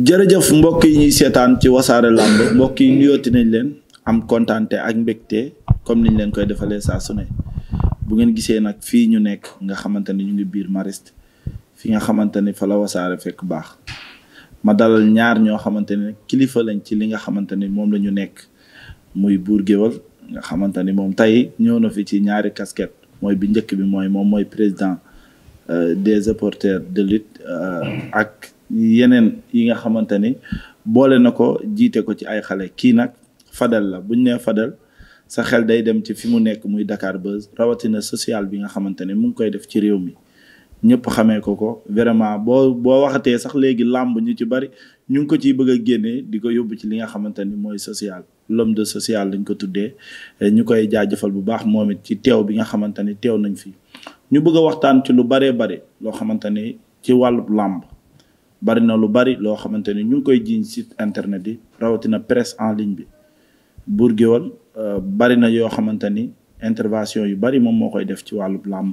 jërëjëf mbokk yi ñuy seetaan ci wasaare làmb mbokk yi nuyooti nañ leen am kontaante ak mbégte comme niñ leen koy defalee saa su bu ngeen gisee nag fii ñu nekk nga xamante ne ñu ngi biir Mariste fi nga xamante ne fa la wasaare fekk baax ma dalal ñaar ñoo xamante ne kilifa lañ ci li nga xamante ni moom lañu nekk muy buur géwal nga xamante ni moom tey ñëw na fi ci ñaari casquette mooy bi njëkk bi mooy moom mooy président euh, des reporters de lutte euh, ak yeneen yi nga xamante ni boole na ko jiite ko ci ay xale kii nag fadal la buñ nee Fadel sa xel day dem ci fi mu nekk muy dakaar Buzz rawatina sociale bi nga xamante ne mu ngi koy def ci réew mi ñëpp xamee ko ko vraiment boo boo waxatee sax léegi làmb ñu ci bari ñu ngi ko ciy bëgg a génnee di ko yóbbu ci li nga xamante ni mooy social l'homme de social lañ ko tuddee ñu koy jaajëfal bu baax moom it ci teew bi nga xamante ni teew nañ fi ñu bëgg a waxtaan ci lu baree bare loo xamante ni ci wàllu làmb bari na lu bari loo xamante ni ñu ngi koy jiiñ site internet yi rawatina presse en ligne bi buur géwal euh, bari na yoo xamante ni intervention yu bari moom moo koy def ci wàllu làmb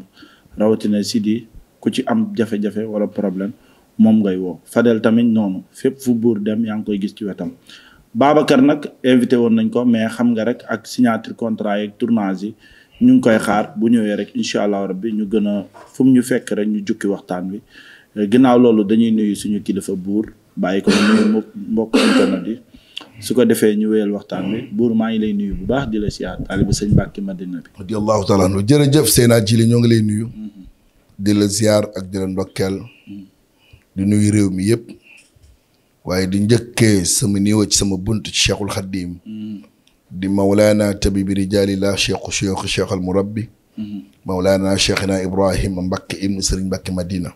rawatina site di ku ci am jafe-jafe wala problème moom ngay woo Fadel tamit noonu fépp fu buur dem yaa ngi koy gis ci wetam Babacar nag invité woon nañ ko mais xam nga rek ak signature contrat yeeg tournage yi ñu ngi koy xaar bu ñëwee rek incha allah rabbi ñu gën a fu ñu fekk rek ñu jukki waxtaan wi ginnaaw loolu dañuy nuyu suñu kilifa buur bàyyi ko nuyu mbokk internet yi su ko defee ñu wéyal waxtaan bi mm-hmm. buur maa ngi lay nuyu bu baax di la siyaar taaliba sëñ Mbàkke Madina bi radiyallahu taala anhu jërëjëf Seyna Jili ñoo ngi lay nuyu mm-hmm. di la ziar ak di la mm-hmm. nuyu réew mi yëpp waaye di njëkkee sama niwa ci sama bunt ci cheikhul xaddim di mawlaana tabibi rijaalillah cheikhu cheikhu cheikh al murabbi mawlaana cheikhina Ibrahima Mbàkke ibnu sëriñ Mbàkke Madina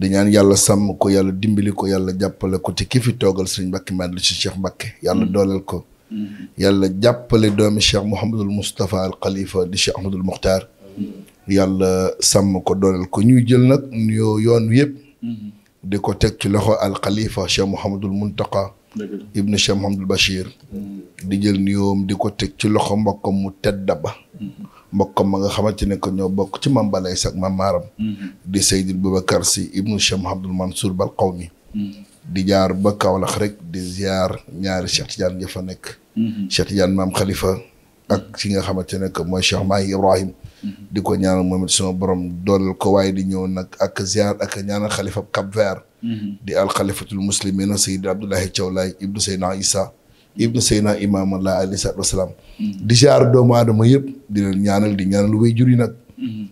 di ñaan yàlla sàmm ko yàlla dimbali ko yàlla jàppale ko ti ki fi toogal sëriñ Mbacke Madina ci Cheikh Mbacke yàlla mm-hmm. dooleel ko. Mm-hmm. yàlla jàppale doomi Cheikh Mouhamadul Moustapha al Khalifa di Cheikh Ahmadul Mokhtar. Mm-hmm. yàlla sàmm ko dooleel ko ñuy jël nag nuyoo yoon wi yëpp. di ko teg ci loxo al Khalifa Cheikh Mouhamadul Muntaqa. ibnu Cheikh Mouhamadul Bachir. di jël nuyoom di ko teg ci loxo mbokkam mu tedd ba. mbokkam ma nga xamante ne que ñoo bokk ci ma balay sak mam maaram mm-hmm. di Seydil Boubacar si ibnu Cheikh Mouhamadoul Mansour bal qawmi mm-hmm. di jaar ba Kaolack rek di ziar ñaari Cheikh Tidiane ja fa nekk mm-hmm. Cheikh Tidiane maam Khalifa ak ci nga xamante ne que mooy Cheikh Mahi Ibrahim di ko ñaanal moom it sama borom dooleel ko waaye di ñëw nag ak ziar ak ñaanal xalifa Cap Vert di al xalifatul muslimina Seydi Abdoulaye Thiaw Laye ibnu Seydina ibnu Seyna Imaam Allah alayhi wasalaam. di jaar doomu aadama yëpp di leen ñaanal di ñaanal way jur yi nag.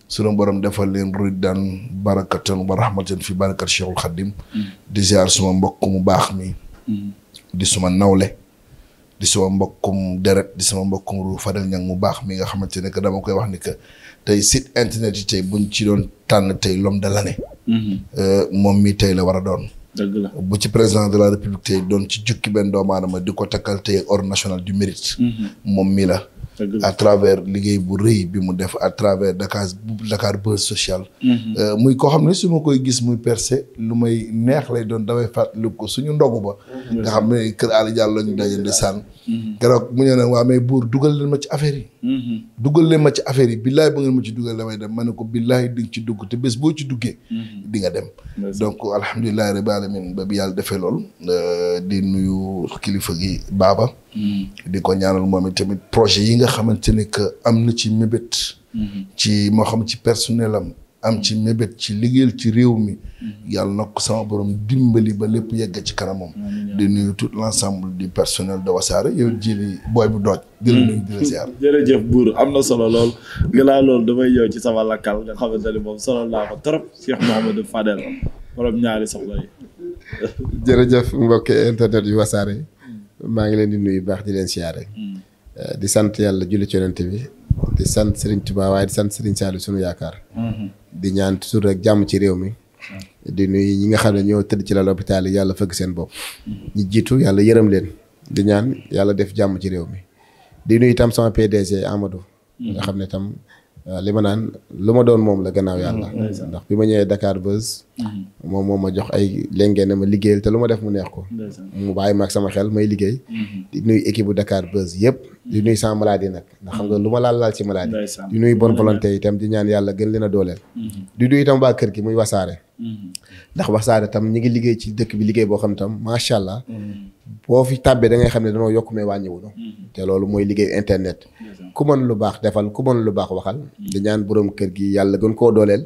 sunu borom defal leen daan barakatan wa rahmatan fi barakat Cheikhul Khadim. di jaar suma mbokk mu baax mi. di suma nawle. di suma mbokkum deret di sama mbokkum ru Fadel Niang mu baax mi nga xamante ne que dama koy wax ni que tey site internet yi tey buñ ci doon tànn tey l'homme de l'année mm-hmm. euh, moom mi tey la war a doon dëgg la bu ci président de la république tey doon ci jukki benn doomu aadama di ko takkal tey ordre national du mérite. Mhm. moom mi la. à travers liggéey bu rëy bi mu def à travers Dakar Dakar Buzz Social. Mhm. Euh, muy koo xam ne su ma koy gis muy percé lu may neex lay doon damay fàttali ko suñu ndogu ba. Mhm. nga xam ne kër Aliou jàll la ñu daje ndeysaan. Mhm. keroog mu ñëw ne waa mais buur dugal leen ma ci affaire yi. dugal leen ma ci affaire yi billaay ba ngeen ma ci dugal damay dem ma ne ko billaay di nga ci dugg te bés boo ci duggee. di nga dem. donc alhamdulilah rabbil alamin ba bi yàlla defee lool. Euh, di nuyu kilifa gi Baba. di ko ñaanal moom tamit projet nga xamante ni am na ci mébét. Mhm. ci moo xam ci personnel am. am ci mhm. mébét ci liggéeyal ci réew mi. Mhm. yàlla na ko sama borom dimbali ba lépp yegg ci kanamam. di nuyu tout l' ensemble du personnel de Wassare bu dooj. di la jërëjëf Buur am na solo lool. gannaaw loolu damay ñëw ci sama lakkal nga xamante ni moom solo naa ko trop Cheikh Mouhamadou Fadel borom ñaari soxla yi. jërëjëf mm. maa ngi leen di nuyu baax di leen siyaare. Mm. Euh, di sant yàlla julli ci bi di sant Serigne Touba waaye di sant Serigne Saliou sunu yaakaar. Mhm. di ñaan toujours rek jàmm ci réew mi. di nuy ñi nga xam ne ñoo tëdd ci la lopitaal yàlla fëgg seen bopp. Mhm. ñi jiitu yàlla yërëm leen. di ñaan yàlla def jàmm ci réew mi. di nuyu itam sama PDG Amadou. Mhm. nga xam ne tam. waaw euh, li ma naan lu ma doon moom la gannaaw yàlla. Mm-hmm. ndax bi ma ñëwee dakaar Buzz. Mm-hmm. moom moo ma jox ay lenge ne ma liggéeyal te lu ma def mu neex ko. mu bàyyi ma sama xel may liggéey. Mm-hmm. di nuyu équipe bu Dakar Buzz yëpp. di nuy sans maladie nag ndax xam nga lu ma laal laal ci maladie. di nuyu bonne volonté itam di ñaan yàlla gën leen a dooleel. di nuyu itam waa kër gi muy wasaare. ndax wasaare tam ñi ngi liggéey ci dëkk bi liggéey boo xam itam macha allah. boo fi tàbbee da ngay xam ne danoo yokk mais wàññiwuñu mm-hmm. te loolu mooy liggéey internet ku mën lu baax defal ku mën lu baax waxal mm-hmm. di ñaan borom kër gi yàlla gën koo dooleel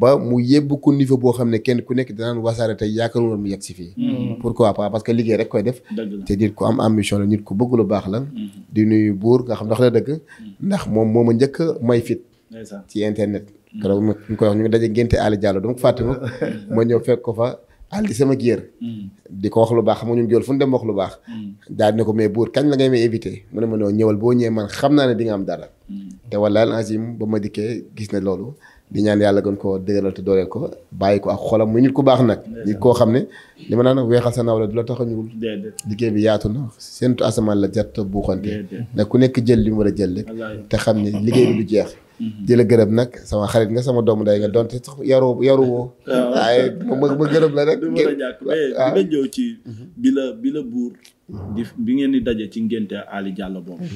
ba mu yëbb ku niveau boo xam ne kenn ku nekk danaan wasaare tey yaakaaru woon mu yegg si fii mm-hmm. pourquoi pas parce que liggéey rek koy def te nit ku am ambition la nit ku bëgg lu baax la di nuyu buur nga xam dax la dëgg ndax moom moo ma njëkk a may fit ci internet keroog ñu koy wax ñu ngi daje ngénte Aly Diallo dama ko aldi sama géer hmm. di ko wax lu baax xam nga ñun jool fu ñu dem wax lu baax hmm. daal ne ko mais buur kañ la ngay may éviter mu ne ma noo ñëwal boo ñëwee man xam naa ne dinga nga am dara hmm. te walaal angim ba ma dikkee gis na loolu di ñaan yàlla gën koo dëgëral te dooleel ko bàyyi ko ak xolam muy nit ku baax nag nit koo xam ne li ma naan weexal sa nawle du la tax a ñuul liggéey bi yaatu na seentu asamaan la jat buuxante nag ku nekk jël li mu war a jël rek te xam ne liggéey bi du jeex Mhm. di la gërëm nag sama xarit nga sama doomu day nga donte sax yaru yaru woo waaye ma gërëb la rek du mën a ñàkk ci mhm. bi la buur mhm. bi ngeen di daje ci ngénte Ali Diallo boobu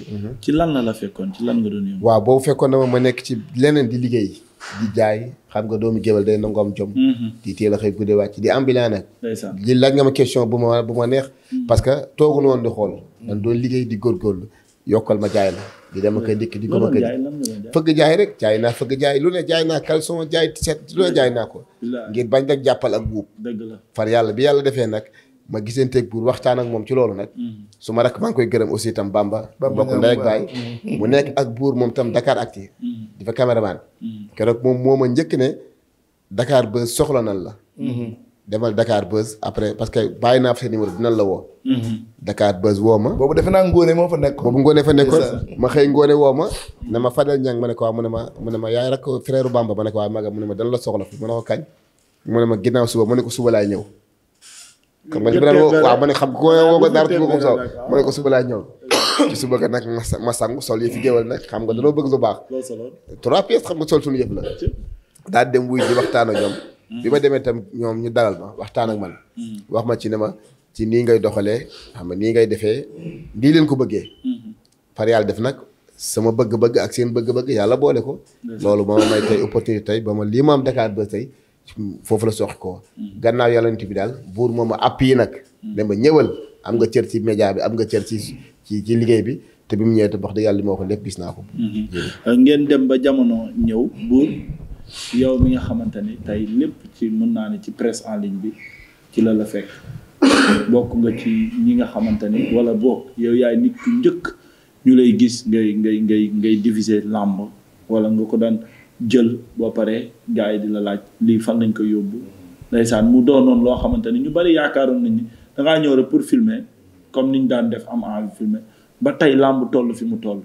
ci lan la la fekkoon ci lan nga doon yëngu waaw boobu fekkoon na ma ma nekk ci leneen di liggéey di jaay xam nga doomu géwél day nangu am jom di teel a xëy guddi wàcc di laa nag li laaj nga ma question bu ma bu ma neex parce que tooguñu woon di xool dan doon liggéey di góorgóorlu yokkal ma jaay la di dem ak a dikk di ko ma fëgg jaay rek jaay naa fëgg jaay lu ne jaay naa caleçon jaay t-shirt lu ne jaay naa ko ngir bañ rek jàppal ak guub far yàlla bi yàlla defee nag ma gisanteeg buur waxtaan ak moom ci loolu nag mm-hmm. su ma rek maa ngi koy gërëm aussi tam Bamba bokk ndey ak baay mu nekk ak buur moom tam dakaar ak Actu mm-hmm. di fa caméraman mm-hmm. keroog moom moom a njëkk ne Dakar ba soxla nan la demal dakaar Buzz après parce que bàyyi naa fa seen numéro dinañ la woo. Mhm. Dakar Buzz woo ma. boobu defe naa Ngone moo fa nekk. ko boobu Ngone fa nekkoon ma xëy ngoone woo ma. ne ma Fadel Niang ma ne ko waa mu ne ma mu ne ma yaay rek frère Bamba ma ne ko waa Maga mu ne ma dana la soxla fi mu ne ko kañ. mu ne ma ginnaaw suba mu ne ko suba laay ñëw. xam nga li ma daan ma ne xam ko woo ko dara tuuti ko sow ma ne ko suba laay ñëw. ci suba ga nag ma sangu sol yi fi géwal nag xam nga daloo bëgg lu baax. trois pièces xam nga sol suñu yëpp la. daal dem wuy di waxtaan a ñoom bi ma demee tam ñoom ñu dalal ma waxtaan ak man. wax ma ci ne ma ci nii ngay doxalee xam nga nii ngay defee nii leen ko bëggee. par yàlla def nag sama bëgg-bëgg ak seen bëgg-bëgg yàlla boole ko. loolu moo may tey opportunité tey ba ma lii ma am ba tey foofu la sox ko gannaaw yàllanti bi daal buur moo ma appui nag. ne ma ñëwal am nga cër ci média bi am nga cër ci ci ci liggéey bi. te bi mu ñëwee te wax dëgg yàlla li ma ko lépp gis naa ko. Mhm. ngeen dem ba jamono ñëw buur yow mi nga xamante ni tey lépp ci mën naa ne ci presse en ligne bi ci la la fekk bokk nga ci ñi nga xamante ni wala bokk yow yaay nit ku njëkk ñu lay gis ngay ngay ngay ngay diviser làmb wala nga ko daan jël boo paree gars yi di la laaj lii fan lañ ko yóbbu ndeysaan mu doonoon loo xamante ni ñu bari yaakaaroon nañ ni dangaa ñëw rek pour filmer comme ni ñu daan def am envie filmer ba tey làmb toll fi mu toll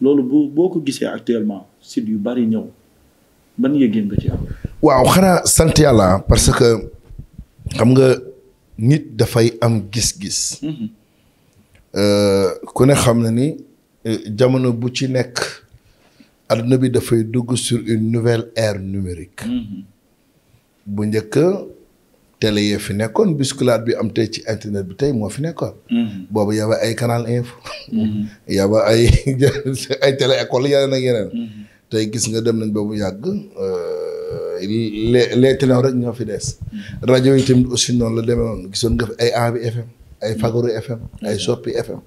loolu bu boo ko gisee actuellement site yu bari ñëw ban yëg-yëg ci waaw xanaa sant yàlla parce que xam nga nit dafay am gis-gis. Mhm. Euh, ku ne xam na ni euh, jamono bu ci nekk adduna bi dafay dugg sur une nouvelle air numérique. Mhm. bu njëkk télé yee fi nekkoon bousculade bi am tey ci internet bi tey moo fi nekkoon. Mhm. boobu y ba ay canal info. y avait ay ay télé école yeneen ak yeneen. tey gis nga dem nañ ba mu yàgg euh, les les téléw rek ñoo fi des rajo yi tamit aussi noonu la demee noonu gisoon nga fi ay Aabi FM ay Fagaru FM ay Soppi FM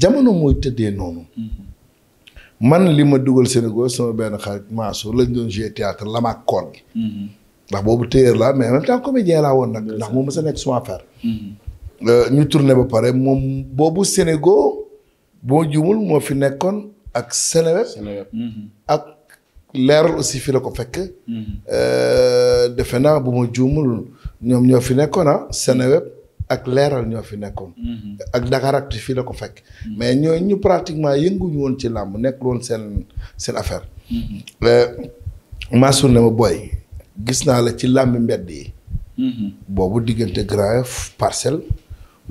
jamono mooy tëddee noonu man li ma dugal Sénégal sama benn xarit Mansour lañ doon jouer théâtre la koor gi ndax boobu téyër laa mais en même temps laa woon nag ndax moom ma sa nekk suma affaire mhm. euh, ñu tourné ba pare moom boobu Sénégal boo jumul moo fi nekkoon ak Sénéweb leeral aussi fi la ko fekk. Euh, defe naa bu ma juumul ñoom ñoo fi nekkoon ah Seneweb ak leeral ñoo fi nekkoon. Mhm. ak Dakaractu fii la ko fekk. Mhm. mais ñoo ñu pratiquement yënguñu woon ci làmb nekkul woon seen seen affaire. Mhm. Euh, Mansour ne ma booy gis naa la ci làmbi mbedd yi. boobu diggante Grand Yoff Parcelles.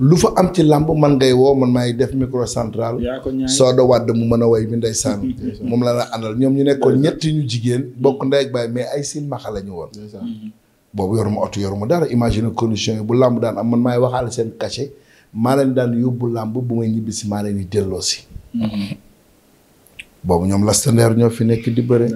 lu fa am ci làmb man ngay woo man maay def micro central soo da wàdd mu mën a woy bi ndeysaan moom la la àndal ñoom ñu nekkoon ñetti ñu jigéen bokk ndey ak baay mais ay siin maxa la ñu woon mm-hmm. boobu yoruma oto yoruma dara imagine condition yi bu làmb daan am man maay waxaale seen cachet maa leen daan yóbbu làmb bu may ñibbi si maa leen di delloo si mm-hmm. boobu ñoom lastandeer ñoo fi nekk di bëre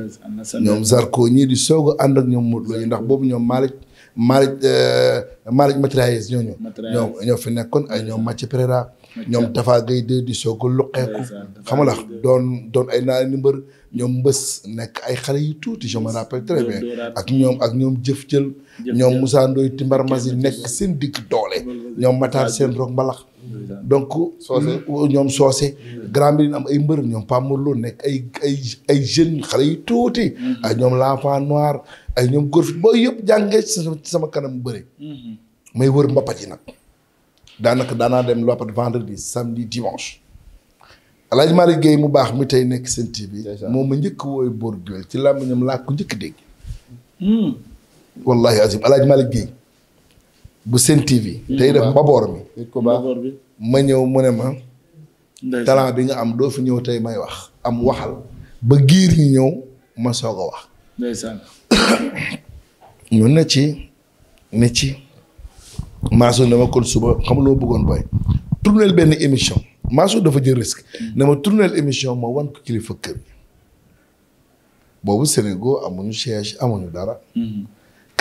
ñoom zarko ñii di soog ànd ak ñoom Modou Lo ndax boobu ñoom Malick Malick euh, Malick Matraillès ñooñu. ñoo ñoo fi nekkoon ay ñoom Mathieu Pereira. ñoom Tafa gay de di soog a luqeeku. xam nga doon doon ay naa ni mbër ñoom mbës nekk ay xale yu tuuti je me rappelle très bien. ak ñoom ak ñoom jëf jël. ñoom Moussa Ndoye Timbar Masi nekk seen digg doole. ñoom Matar seen rog mbalax donc euh, ñoom soose Grand Médine am ay mbër ñoom pammarloo nekk ay ay ay jeunes xale yu tuuti mm-hmm. ay ñoom l'enfant noir ay ñoom góor fi boo yëpp jàngee sama kanam bëri mm-hmm. may wër mbappat yi nag daanaka daanaa dem loppat vendredi samedi dimanche Alaaji mm-hmm. Malick Guèye mu baax mi tey nekk seen TV moom ma njëkk wooy boor géwél ci làmb ñoom laa ko njëkk dégg wallahi azim Alaaji Malick Guèye bu seen TV tey def mbaboor mi ma ñëw mu ne ma. talent bi nga am doo fi ñëw tey may wax. am waxal ba giir ñi ñëw ma soog a wax. ndeysaan. ñu ne ci ne ci. Mansour ne ma kon suba xam loo bëggoon booy. tournel benn émission Mansour dafa jël risque. ne ma tournel émission ma wan ko kilifa kër. boobu Sénégal amuñu siège amuñu dara. Mm-hmm.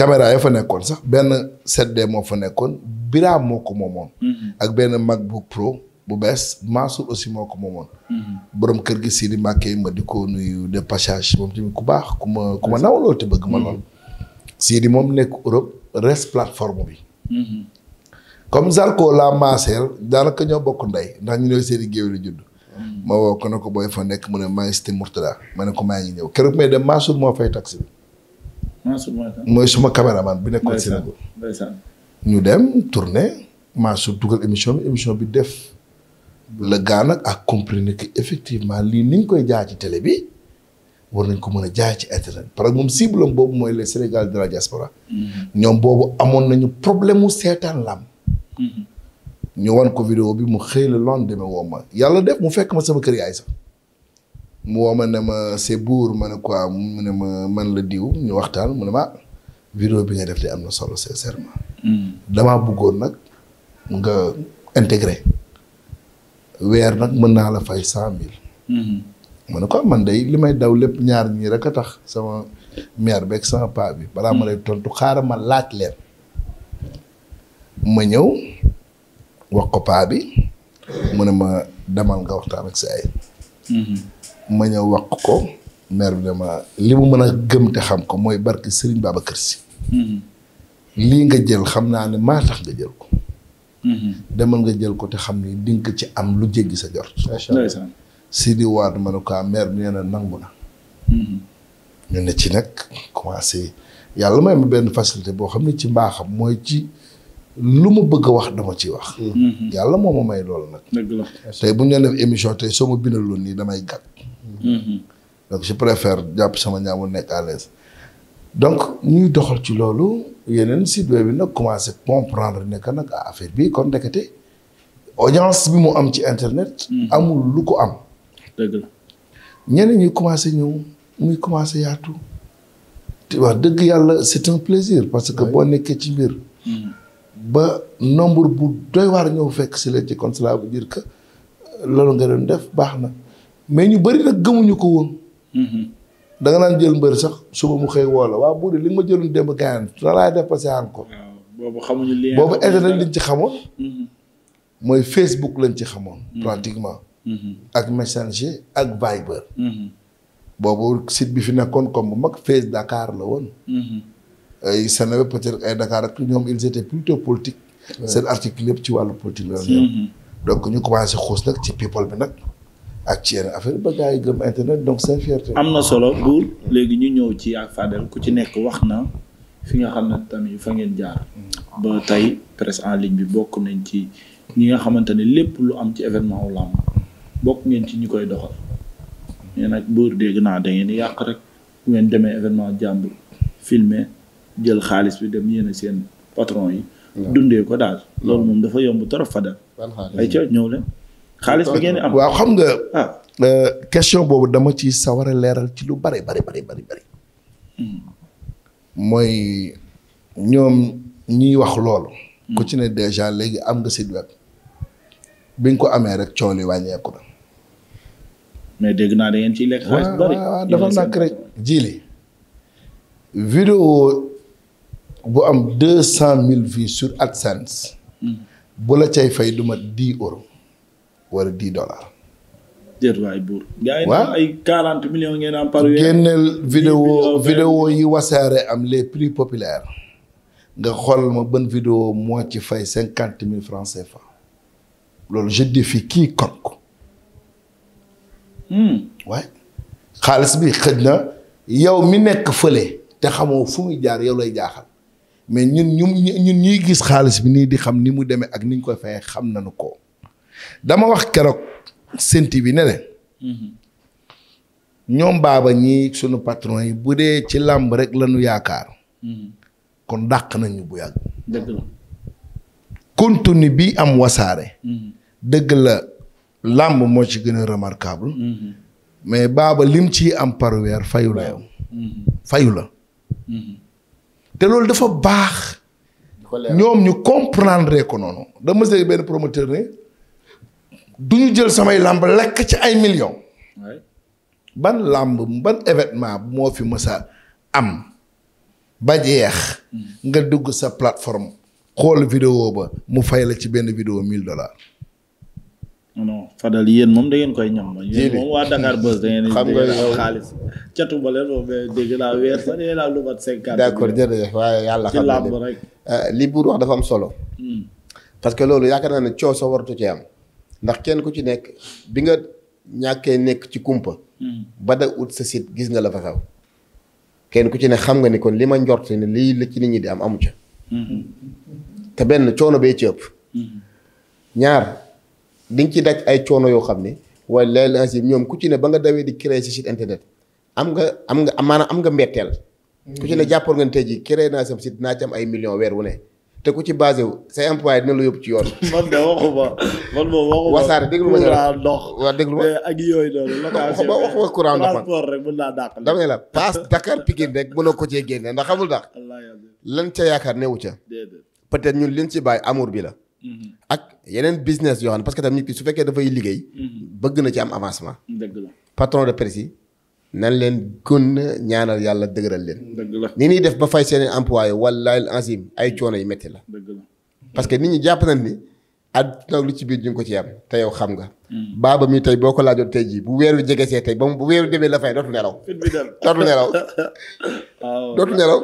caméra ya fa nekkoon sax benn 7 moo fa nekkoon Birame moo ko moomoon. Mm-hmm. ak benn mag bu Pro bu bees Mansour aussi moo ko moomoon. Mm-hmm. boroom kër gi sii Sidi Mbacke ma di ko nuyu depachage passage moom tamit baax ku ma ku ma naw lool bëgg ma mm-hmm. lool. Sidi moom nekk Europe reste plateforme bi. comme Zarko laa maaseel daanaka ñoo bokk ndey ndax ñu seeni géew la judd. ma woo ko ne ko booy fa nekk mu ne maa ngi cité ma ne ko maa ngi ñëw keroog may dem Mansour moo fay taxi bi. Ah, mooy suma caméraman bi nekkoon Sénégal ñu dem tourné Mansour dugal émission bi émission bi def la gaa nag ak comprendre que effectivement lii ni koy jaay ci télé bi war nañ ko mën a jaay ci internet parce que moom cible boobu mooy les Sénégal de la diaspora mm-hmm. ñoom boobu amoon nañu problème mu seetaan lam mm-hmm. ñu wan ko vidéo bi mu xëy la lendemain woo ma yàlla def mu fekk ma sama kër yaay sax mu woo ma ne ma c'est buur ma ne quoi mu ne ma man la diw ñu waxtaan mu ne ma vidéo bi nga def de am na solo sincèrement. Hmm. damaa bëggoon nag nga intégré weer nag mën naa la fay cent mille. Hmm. ma ne ko man dey li may daw lépp ñaar ñii rek a tax sama mère beeg sama paa bi. balaa ma lay tontu xaaral ma laaj leen. ma ñëw wax ko paa bi mu ne ma demal nga waxtaan ak sa ay. ma ñëw wax ko maire bi dama li mu mën a gëm te xam ko mooy barke Serigne Babacar Sy mm-hmm. lii nga jël xam naa ne maa tax nga jël ko mm-hmm. demal nga jël ko te xam ni di ci am lu jéggi sa jort si di waat ma ne ko ah, maire bi nee na nangu na mm-hmm. ñu ne ci nag commencé yàlla may ma benn facilité boo xam ne ci mbaaxam mooy ci lu ma bëgg a wax dama ci wax yàlla moo ma may loolu nag tey bu ñu def émission tey soo ma bindaloon nii damay gàtt Mm-hmm. donc je préfère jàpp sama ñaamul nekk à l'aise donc ñuy doxal ci loolu yeneen site web bi nag commencé comprendre ne que nag affaire bi kon ndekete audience bi mu am ci internet. Mm-hmm. amul lu ko am. dëgg la ñuy commencé ñëw muy commencé yaatu. te wax dëgg yàlla c'est un plaisir parce que boo nekkee ci mbir. Mm-hmm. ba nombre bu doy waar ñëw fekk si la ci kon cela veut loolu nga doon def baax na. mais ñu bëri nag gëmuñu ko woon. Mm-hmm. da nga naan jël mbër sax suba mu xëy woo la waaw bu dee li ma jëloon démb gaañan la laay dépassé aan ko. boobu xamuñu lien boobu internet liñ ci xamoon. Mm-hmm. mooy Facebook lañ ci xamoon. Mm-hmm. pratiquement. ak Messenger ak Viber. boobu site bi fi nekkoon comme bu mag Face dakaar la woon. ay Seneweb peut-être ay Dakar ñoom ils étaient plutôt politique. seen article yëpp ci wàllu politique la donc ñu commencé xuus nag ci people bi nag. ak ci yenn affaire ba gars yi gëm am na solo buur léegi ñu ñëw ci ak Fadel ku ci nekk wax na fi nga xam ne tamit fa ngeen jaar. ba tey presse en ligne bi bokk nañ ci ñi nga xamante ne lépp lu am ci événement wu làmb bokk ngeen ci ñi koy doxal. mais nag buur dégg naa dangeen ngeen yàq rek bu ngeen demee événement jàmbur filmer jël xaalis bi dem yéen seen patron yi. dundee ko daal loolu moom dafa yomb trop Fadel. ay ca ñëw leen. xaalis bi waaw xam nga. Ah. Euh, question boobu dama ci sawar a leeral ci lu bari bari bari bari bari. mooy ñoom ñiy wax loolu. ku ci ne déjà léegi am nga site web bi nga ko amee rek coow wàññeeku na. mais dégg naa da ngeen ci lekk xaalis bari. dafa nàkk rek jiili. vidéo bu am deux cent mille vues sur AdSense. Hmm. bu la cay fay du ma dix wala dix dollars. ay quarante millions ngeen am par weer. génneel vidéo vidéo yi am les prix populaires. nga xool ma ban vidéo moo ci fay cinquante mille francs CFA. loolu je défie quiconque. waay hmm. xaalis bi xëj na yow mi nekk fële. te xamoo fu muy jaar yow lay jaaxal. mais ñun ñun ñuy gis xaalis bi nii di xam ni mu demee ak ni ñu koy fayee xam nañu ko. dama wax keroog senti bi ne leen ñoom baaba ñi sunu patron yi bu dee ci làmb rek la yaakaar kon dàq nañu bu yàgg dëgg la bi am wasaare mm-hmm. dëgg la làmb moo ci gën a remarquable mm-hmm. mais baaba lim ci am par weer fayu mm-hmm. fayu la te loolu dafa baax ñoom ñu comprendre ko noonu dama sey benn promoteur ne du ñu jël samay làmb lekk ci ay millions. ban làmb ban événement moo fi mës a am ba jeex. Mm. nga dugg sa plateforme xool vidéo ba mu fay la ci benn vidéo mille dollars. non Fadel moom da koy ñam. yéen moom waa Dakar ngeen. xam nga xaalis catu ba leen moom dégg d'accord jërëjëf waaye yàlla xam na euh, li buur wax dafa am solo. Mm. parce que loolu yaakaar naa ne coow sa waratu ci am. ndax kenn ku ci nekk bi nga ñàkkee nekk ci kumpa. Hmm. ba da ut sa sit gis nga la fa xew kenn ku ci ne xam nga ni kon li ma njort ne lii la ci nit ñi di am amu ca. Hmm. te benn coono bee ci ëpp. Hmm. ñaar di nga ci daj ay coono yoo xam ne wala léeg ainsi ñoom ku ci ne ba nga dawee di créer sa site internet am nga am nga maanaam am nga mbetteel. ku ci ne jàppoon nga ne tey jii créer naa sam site naa ci ay millions weer wu ne. te ku ci basé wu say employé la yóbbu ci yoon. man de moom waxuma. wasaare déglu ma courant ndox. waaw déglu ma eh, ak yooyu noonu. location bi waxuma mën naa dàq. dama ne la paas Dakar Pikine rek mënoo ko cee génne ndax xamul ndax. lan ca yaakaar newu ca. peut-être ñun liñ ci bàyyi amour bi la. Mhm. ak yeneen business yoo xam ne parce que tam nit ki su fekkee dafay liggéey. Mhm. bëgg na ci am avancement. dëgg la patron de presse yi nan leen gën ñaanal yàlla dëgëral leen. ni ñuy def ba fay seen employé wallaahi azim ay coono yu métti la. parce que nit ñi jàpp nañ ni àdduna lu ci biir di ngi ko ci am te yow xam nga. Mm. baaba mi tey boo ko laajoon tey jii bu weer wi jege see tey ba mu bu demee la fay dootul nelaw. dootul nelaw. Ah, dootul nelaw.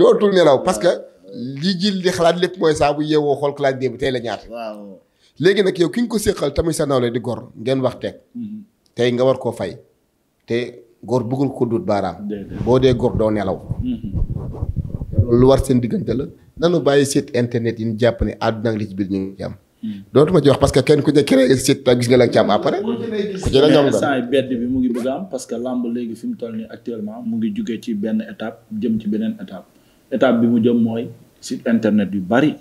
dootul nelaw parce que ah. li ji li xalaat lépp mooy saa bu yeewoo xool xalaat démb tey la ñaata. léegi nag yow ki nga ko séqal tamit sa nawle di gor ngeen wax teg. Mm-hmm. tey nga war koo fay. te góor bëggul ko dut baaraam. boo dee góor doo nelaw. Mm-hmm. lu war seen diggante la. na nanu bàyyi site internet yi nu jàpp ne àdduna ak ñu ngi am. Mm-hmm. dootuma ci wax parce que kenn ku ne créé site gis nga la ci am après. ku ci la ñu am bedd bi mu ngi bëgg am parce que làmb léegi fi mu toll nii actuellement mu ngi jugee ci benn étape jëm ci beneen étape étape bi mu jëm mooy site internet yu bari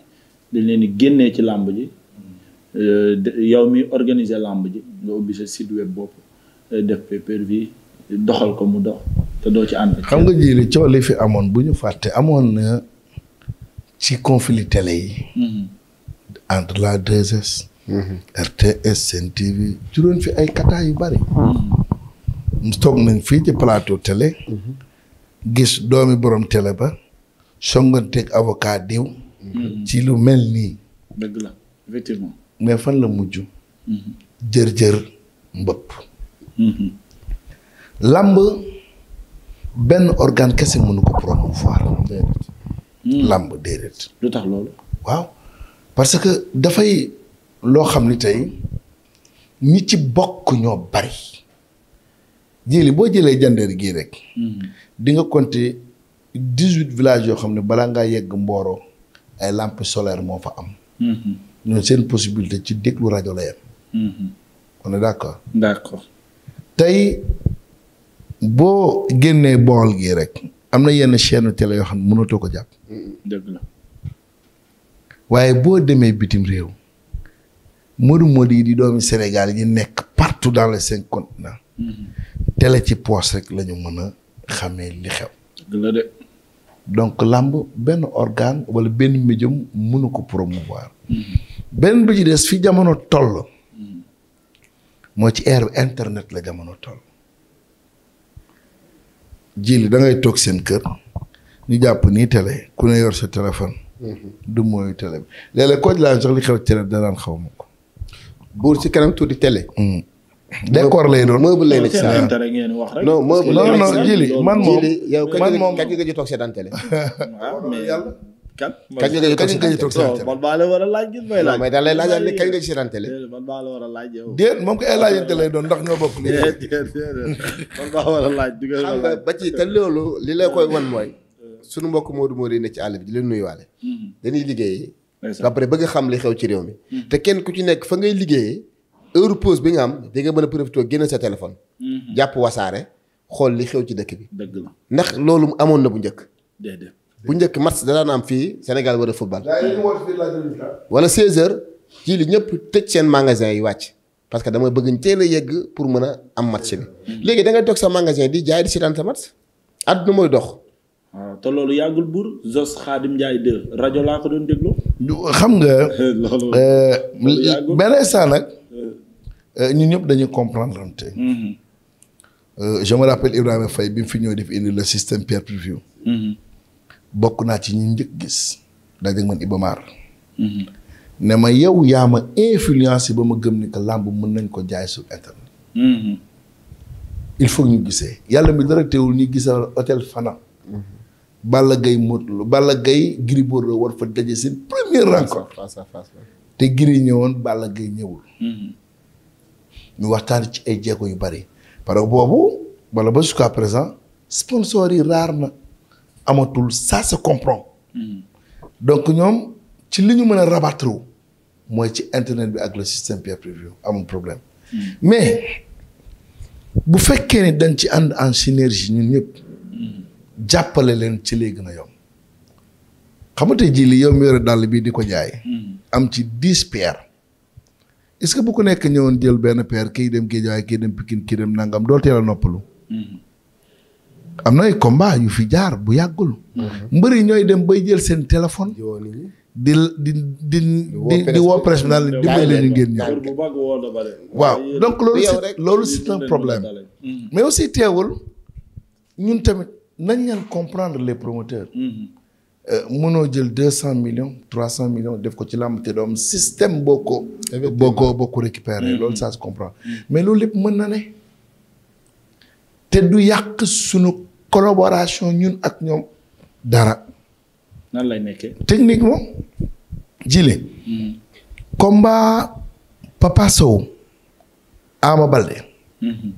dañ leen di génnee ci làmb ji mm-hmm. euh, yow mi organiser làmb ji nga ubbi sa site web bopp. def pay doxal ko mu dox te doo ci ànd. xam nga ji li coow li fi amoon bu ñu fàtte amoon na ci conflit télé yi. Mhm. entre la 2S. Mhm. RTS Sen TV juróon fi ay kata yu bari. Mhm. toog nañ fii ci plateau télé. gis doomi borom télé ba. songanteeg avocat diw. ci lu mel nii. dëgg fan la mujj. jër jër mbëpp. Mhm. làmb benn organ kese mënu ko promouvoir. Mhm. làmb déedéet. lu tax loolu. waaw parce que dafay loo xam ni tey ñi ci bokk ñoo bari jili boo jëlee jandeer gii rek. Mhm. di nga compter dix huit villages yoo xam ne balaa ngaa yegg Mboro ay lampes solaires moo fa am. ñoom seen possibilité ci déglu rajo la yem. on est d'accord. tey boo génnee bool gi rek am na yenn chaîne télé yoo xam ne mënatoo ko jàpp. waaye boo demee bitim réew Modou Modou yi di doomi Sénégal yi nekk partout dans les cinq continents. Mhm. télé ci poos rek lañu mën a xamee li xew. dëgg de. donc làmb benn organe wala benn médium mënu ko promouvoir. Mhm. benn bu ci des fi jamono toll. mooy ci bi internet la jamono toll jili da ngay toog seen kër ñu jàpp nii télé ku ne yor sa téléphone mhm. du mooy télé bi koo laa sax li xew ci télé danaan xaw ma ko buur ci kanam tuuti télé mm. décor lay doon meuble lay nekk sa man moom man moom kañ nga ci toog seetaan télé kan kañ nga kañ nga a laaj gis a laaj yow déet moom ko ay laajante lay doon ndax ñoo bokk li man xam nga ba ci te loolu li la koy wan mooy suñu mbokk Modou Modou yi ne ci àll bi di leen nuyuwaale dañuy liggéeyee ba pare bëgg xam li xew ci réew mi mm-hmm. te kenn ku ci nekk fa ngay liggéeyee heure pause bi nga am di nga mën a profité génne sa téléphone mm-hmm. jàpp wasaare xool li xew ci dëkk bi dëgg ndax loolu mu amoon na bu njëkk déedéet bu njëkk match danaan am fii Sénégal war a football. wala 16h ci li ñëpp tëj seen magasin yi wàcc. parce que dama bëgg teel a yegg pour mën a am match bi. léegi da ngay toog sa magasin di jaay di seetaan sa match. àdduna mooy dox. te loolu yàggul buur Zos Xaadim Njaay 2 rajo laa ko doon déglu. xam nga. loolu benn euh, nag. Euh, ñun ñëpp dañuy comprendre te. Mm-hmm. Euh, je me rappelle Ibrahima Faye bi mu fi ñëw def indi le système peer to mm-hmm. bokk naa ci ñu njëkk gis dajeeg man Iba Mar mhm. ne ma yow yaa ma influencé ba ma gëm ni que làmb mën nañ ko jaay sur internet. Mhm. il faut ñu gisee yàlla mi dara wul ñu gisal hôtel Fana. Mhm. Balla Gaye Modou Lo Balla Gaye Gris Bordeaux fa daje seen première rencontre. face te Gris ñëwoon Balla Gaye ñëwul. ñu waxtaan ci ay jéego yu bari. parce boobu wala ba jusqu'à présent sponsor yi raar na. amatul ça se comprend. Hmm. donc ñoom ci li ñu mën a rabattre mooy ci internet bi ak le système peer review amul problème. Hmm. mais bu fekkee ni dañ ci ànd en synergie ñun ñëpp. Hmm. jàppale leen ci léegi na yomb. xam nga tey jii li yow mi yore dàll bii di ko jaay. am ci dix paires. est-ce bu ko nekk ñëwoon jël benn paire kii dem Guédiawaye kii dem pikin kii dem Nangam doo teel a noppalu. am na ay combat yu fi jaar bu yàggul. Mhm. mbëri ñooy dem bay jël seen téléphone. di di di di di woo presse daal di may leen ngeen ñëw. waaw donc loolu c'est loolu c'est un mhm. mais aussi teewul ñun tamit nañ leen comprendre les promoteurs. Mhm. Euh, mënoo jël deux cent millions trois cent millions def ko ci làmb te doom système boo ko. boo ko récupérer loolu ça se comprend. mais loolu lépp mën na ne. te du yàq sunu collaboration ñun ak ñoom dara. nan lay nekkee. technique moom jile. Hmm. combat Papa Sow Ama Balde. Hmm.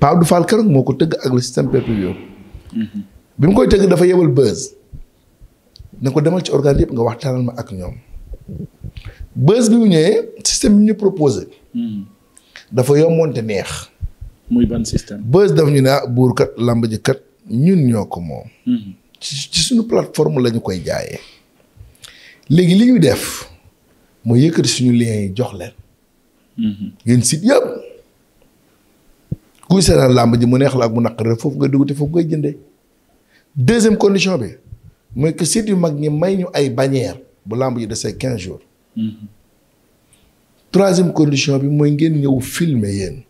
Pape Abdou Fall keroog moo ko tëgg ak le système PPV. Hmm. bi mu koy tëgg dafa yebal buzz. na ko demal ci organe yëpp nga waxtaanal ma ak ñoom. buzz bi mu ñëwee système bi ñu proposé. dafa yomboonte neex. muy ban système. buzz daf ñu ne ah, buur kat làmb kat ñun ñoo ko moom. Mm-hmm. ci suñu plateforme lañu koy jaayee. léegi li ñuy def mooy yëkkati suñu lien yi jox leen. yéen mm-hmm. site yëpp. kuy seetaan làmb ji mu neex la ak mu naqare foofu nga dugg te foofu ngay jëndee. deuxième condition bi mooy que site yu mag ñi may ñu ay bannière bu làmb ji desee quinze jours. Mm-hmm. troisième condition bi mooy ngeen ñëw filmer yéen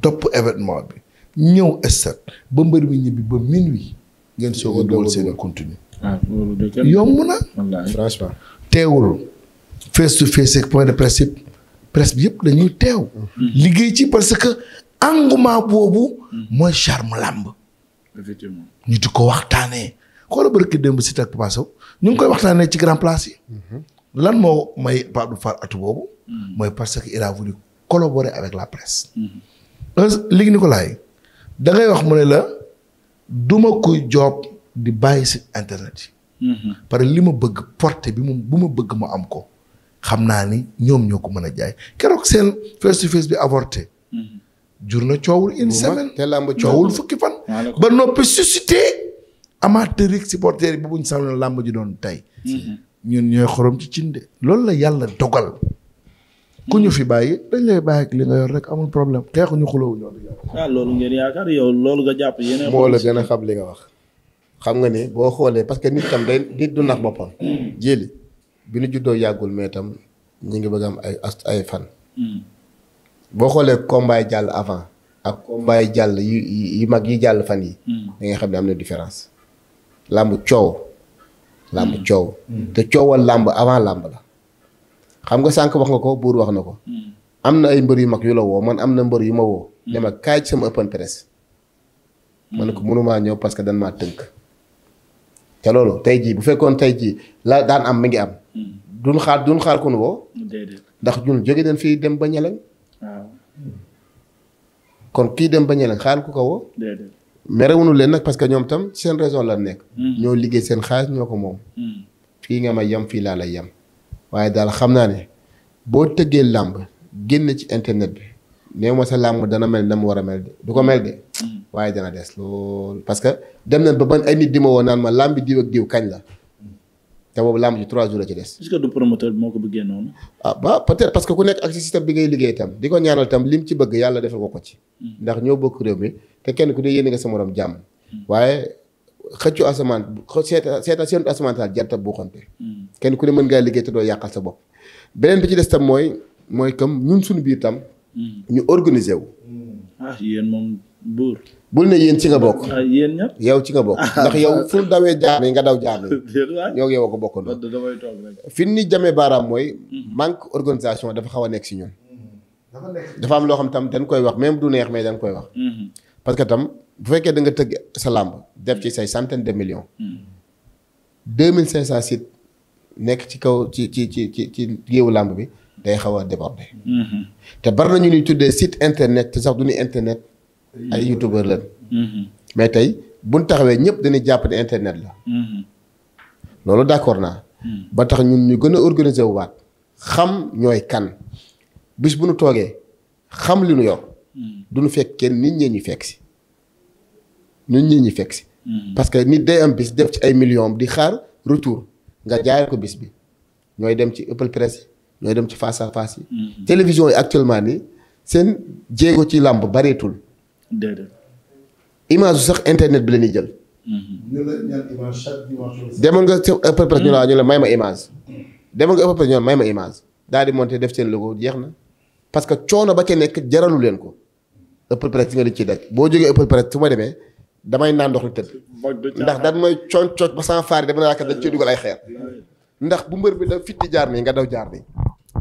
topp événement bi. ñëw stade ba mbër mi ñibbi ba minuit ngeen soog a dugal seen ah, yomb na franchement teewul face to face ak point de presse presse bi yëpp dañuy teew hmm. liggéey ci parce que engouement boobu hmm. mooy charme làmb ñu di ko waxtaanee xoolal barki démb si tak Papa Sow ñu ngi koy waxtaanee ci grand place yi hmm. lan moo may Pape Abdou Fall atu boobu mooy parce que il a voulu avec la presse euh, léegi Luc Nicolaï da ngay wax mu ne la duma kuy koy di bàyyi si internet yi. Mm-hmm. parce que li ma bëgg porté bi mu bu ma bëgg mu am ko. xam naa ni ñoom ñoo ko mën a jaay keroog seen face to face bi avorté. Mm-hmm. jur na coowul une semaine. te làmb coowul fukki fan. ba noppi suscité. amateur yi supporter yi bu buñ sax làmb ji doon tey. Mm-hmm. ñun ñooy xorom ci cinde loolu la yàlla dogal. ku ñu fi bàyyi dañ lay bàyyi ak li nga yor rek amul problème xeexuñu xulóowuñu wax dëgg yàlla. Ah, loolu ngeen yaakaar yow loolu nga jàpp yéen moo la gën a xam li nga wax. xam nga ne boo xoolee parce que nit tam day nit du nax boppam. jéeli bi nu juddoo yàggul mais tam ñu ngi bëgg am ay ay fan. Hmm. boo xoolee combat yi jàll avant ak combat yi jàll yi yi mag yi jàll fan yi. Hmm. da nga xam ne am na différence. làmb coow. làmb hmm. coow. te coowal làmb avant làmb la. xam nga sànq wax nga ko buur wax na ko. Hmm. am na ay mbër yu mag yu la woo man am na mbër yu ma woo. Hmm. ak kaaj sama open press. Hmm. ma ne ko mënumaa ñëw parce que dan maa tënk. te loolu tey jii bu fekkoon tey jii la daan am mi ngi am. duñ xaar duñ xaar ku nu woo. ndax ñun jóge nañ fii dem ba ñeleng. kon kii dem ba ñeleng xaar ku ko woo. merewunu leen nag parce que ñoom tam seen raison la nekk. ñoo liggéey seen xaalis ñoo ko moom. fii nga ma yem fii laa lay yem. waaye daal xam naa ne boo tëggee làmb génn ci internet bi néew ma sa làmb dana mel na mu war a mel de du ko mel de waaye dana des loolu parce que dem nañ ba ban ay nit di ma woon naan ma làmb diw ak diw kañ la te boobu làmb ci trois jours a ci des. est-ce que du moo ko bëggee noonu. ah bah peut-être parce ku nekk ak système bi ngay liggéey itam di ko ñaanal itam lim ci bëgg yàlla defal ko ko ci. Hmm. ndax ñoo bokk réew mi te kenn ku dee yéene nga sa morom jàmm hmm. waaye. xëccu asamaan seeta seeta seentu asamaan daal jarta buuxante hmm. kenn ku ne mën ngaa liggéey te doo yàqal sa bopp beneen bi ci des tam mooy mooy comme ñun suñu biir tam hmm. ñu organiser wu hmm. ah, yéen moom buur bul yéen ci nga bokk ah, yéen yow ci nga bokk ndax yow fu dawee jaam nga daw jaam ñoo yow a ko bokk noonu fi ni jamee baaraam mooy manque organisation dafa xaw a nekk si ñun dafa am loo xam tam dan koy wax même du neex mais dañ koy wax parce tam bu fekkee da nga tëgg sa làmb def ci say centaine de millions. deux mille cinq cent sites nekk ci kaw ci ci ci ci ci géewu làmb bi day xaw a déborder. Mm-hmm. te bari na ñu ñuy tuddee site internet te sax du ñu internet. ay youtubeur lañ. Mm-hmm. mais tey bu ñu taxawee ñëpp dañuy jàpp ne internet la. Mm-hmm. loolu d'accord naa. ba tax ñun ñu gën a organiser wu waat xam ñooy kan bis bu nu toogee xam li ñu yor. du nu fekk kenn nit ñee ñu fekk si. ñu ñii ñi fekk si. Mm-hmm. parce que nit day am bis def ci ay millions di xaar retour nga jaay ko bis bi ñooy dem ci ëppal presse yi ñooy dem ci face à face yi. Mm-hmm. télévision yi actuellement nii seen jéego ci làmb bareetul. déedéet. image sax internet bi la ñuy jël. Mm-hmm. ñu la ñaan nga sa ëppal presse ñu la ñu may ma image. demoon nga ëppal presse may ma image daal di monter def seen logo jeex na parce que coono ba ca nekk jaralu leen ko ëppal presse nga di ciy boo jógee ëppal presse su ma demee. damay naan ndox lu tëdd ndax daan may cooñ cooñ ba sama faar yi dama naa kat dañ cee dugal ay xeer ndax bu mbër bi da fitti jaar nii nga daw jaar nii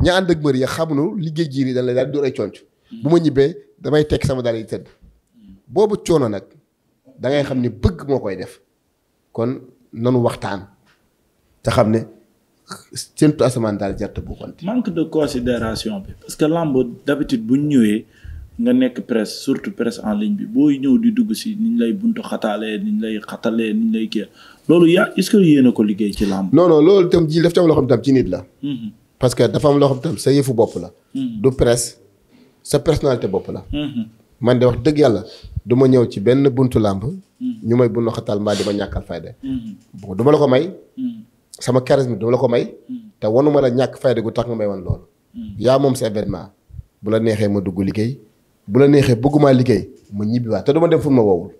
ñaa ànd ak mbër ya xamuñu liggéey jiir yi dañ lay daal di door ay conc bu ma ñibbee damay tekk sama daal yi tëdd boobu coono nag da ngay xam ni bëgg moo koy def kon nanu waxtaan te xam ne séntu asamaan daal jarte bu konti manque de considération bi parce que lamb d'habitude bu ñu ñëwee nga nekk presse surtout presse en ligne bi booy ñëw di dugg si niñ lay buntu xataalee niñ lay xatalee niñ lay kii loolu yaa est que yéen a ko liggéey ci làmb. non non loolu tam ji daf ci am loo xam tam ci nit la. Mm-hmm. parce que dafa am loo xam tam sa yëfu bopp la. Mm-hmm. du presse sa personnalité bopp la. Mm-hmm. man de wax dëgg yàlla du ma ñëw ci benn buntu làmb. ñu may buntu xataal mbaa di ma ñàkkal fayda. du ma la ko may. sama charisme du ma la ko may. te wanuma la ñàkk fayda gu tax may wan loolu. yaa moom sa événement bu la neexee ma dugg liggéey. bu la neexee bëggumaa liggéey ma ñibbiwaat te dama dem fu ma woowul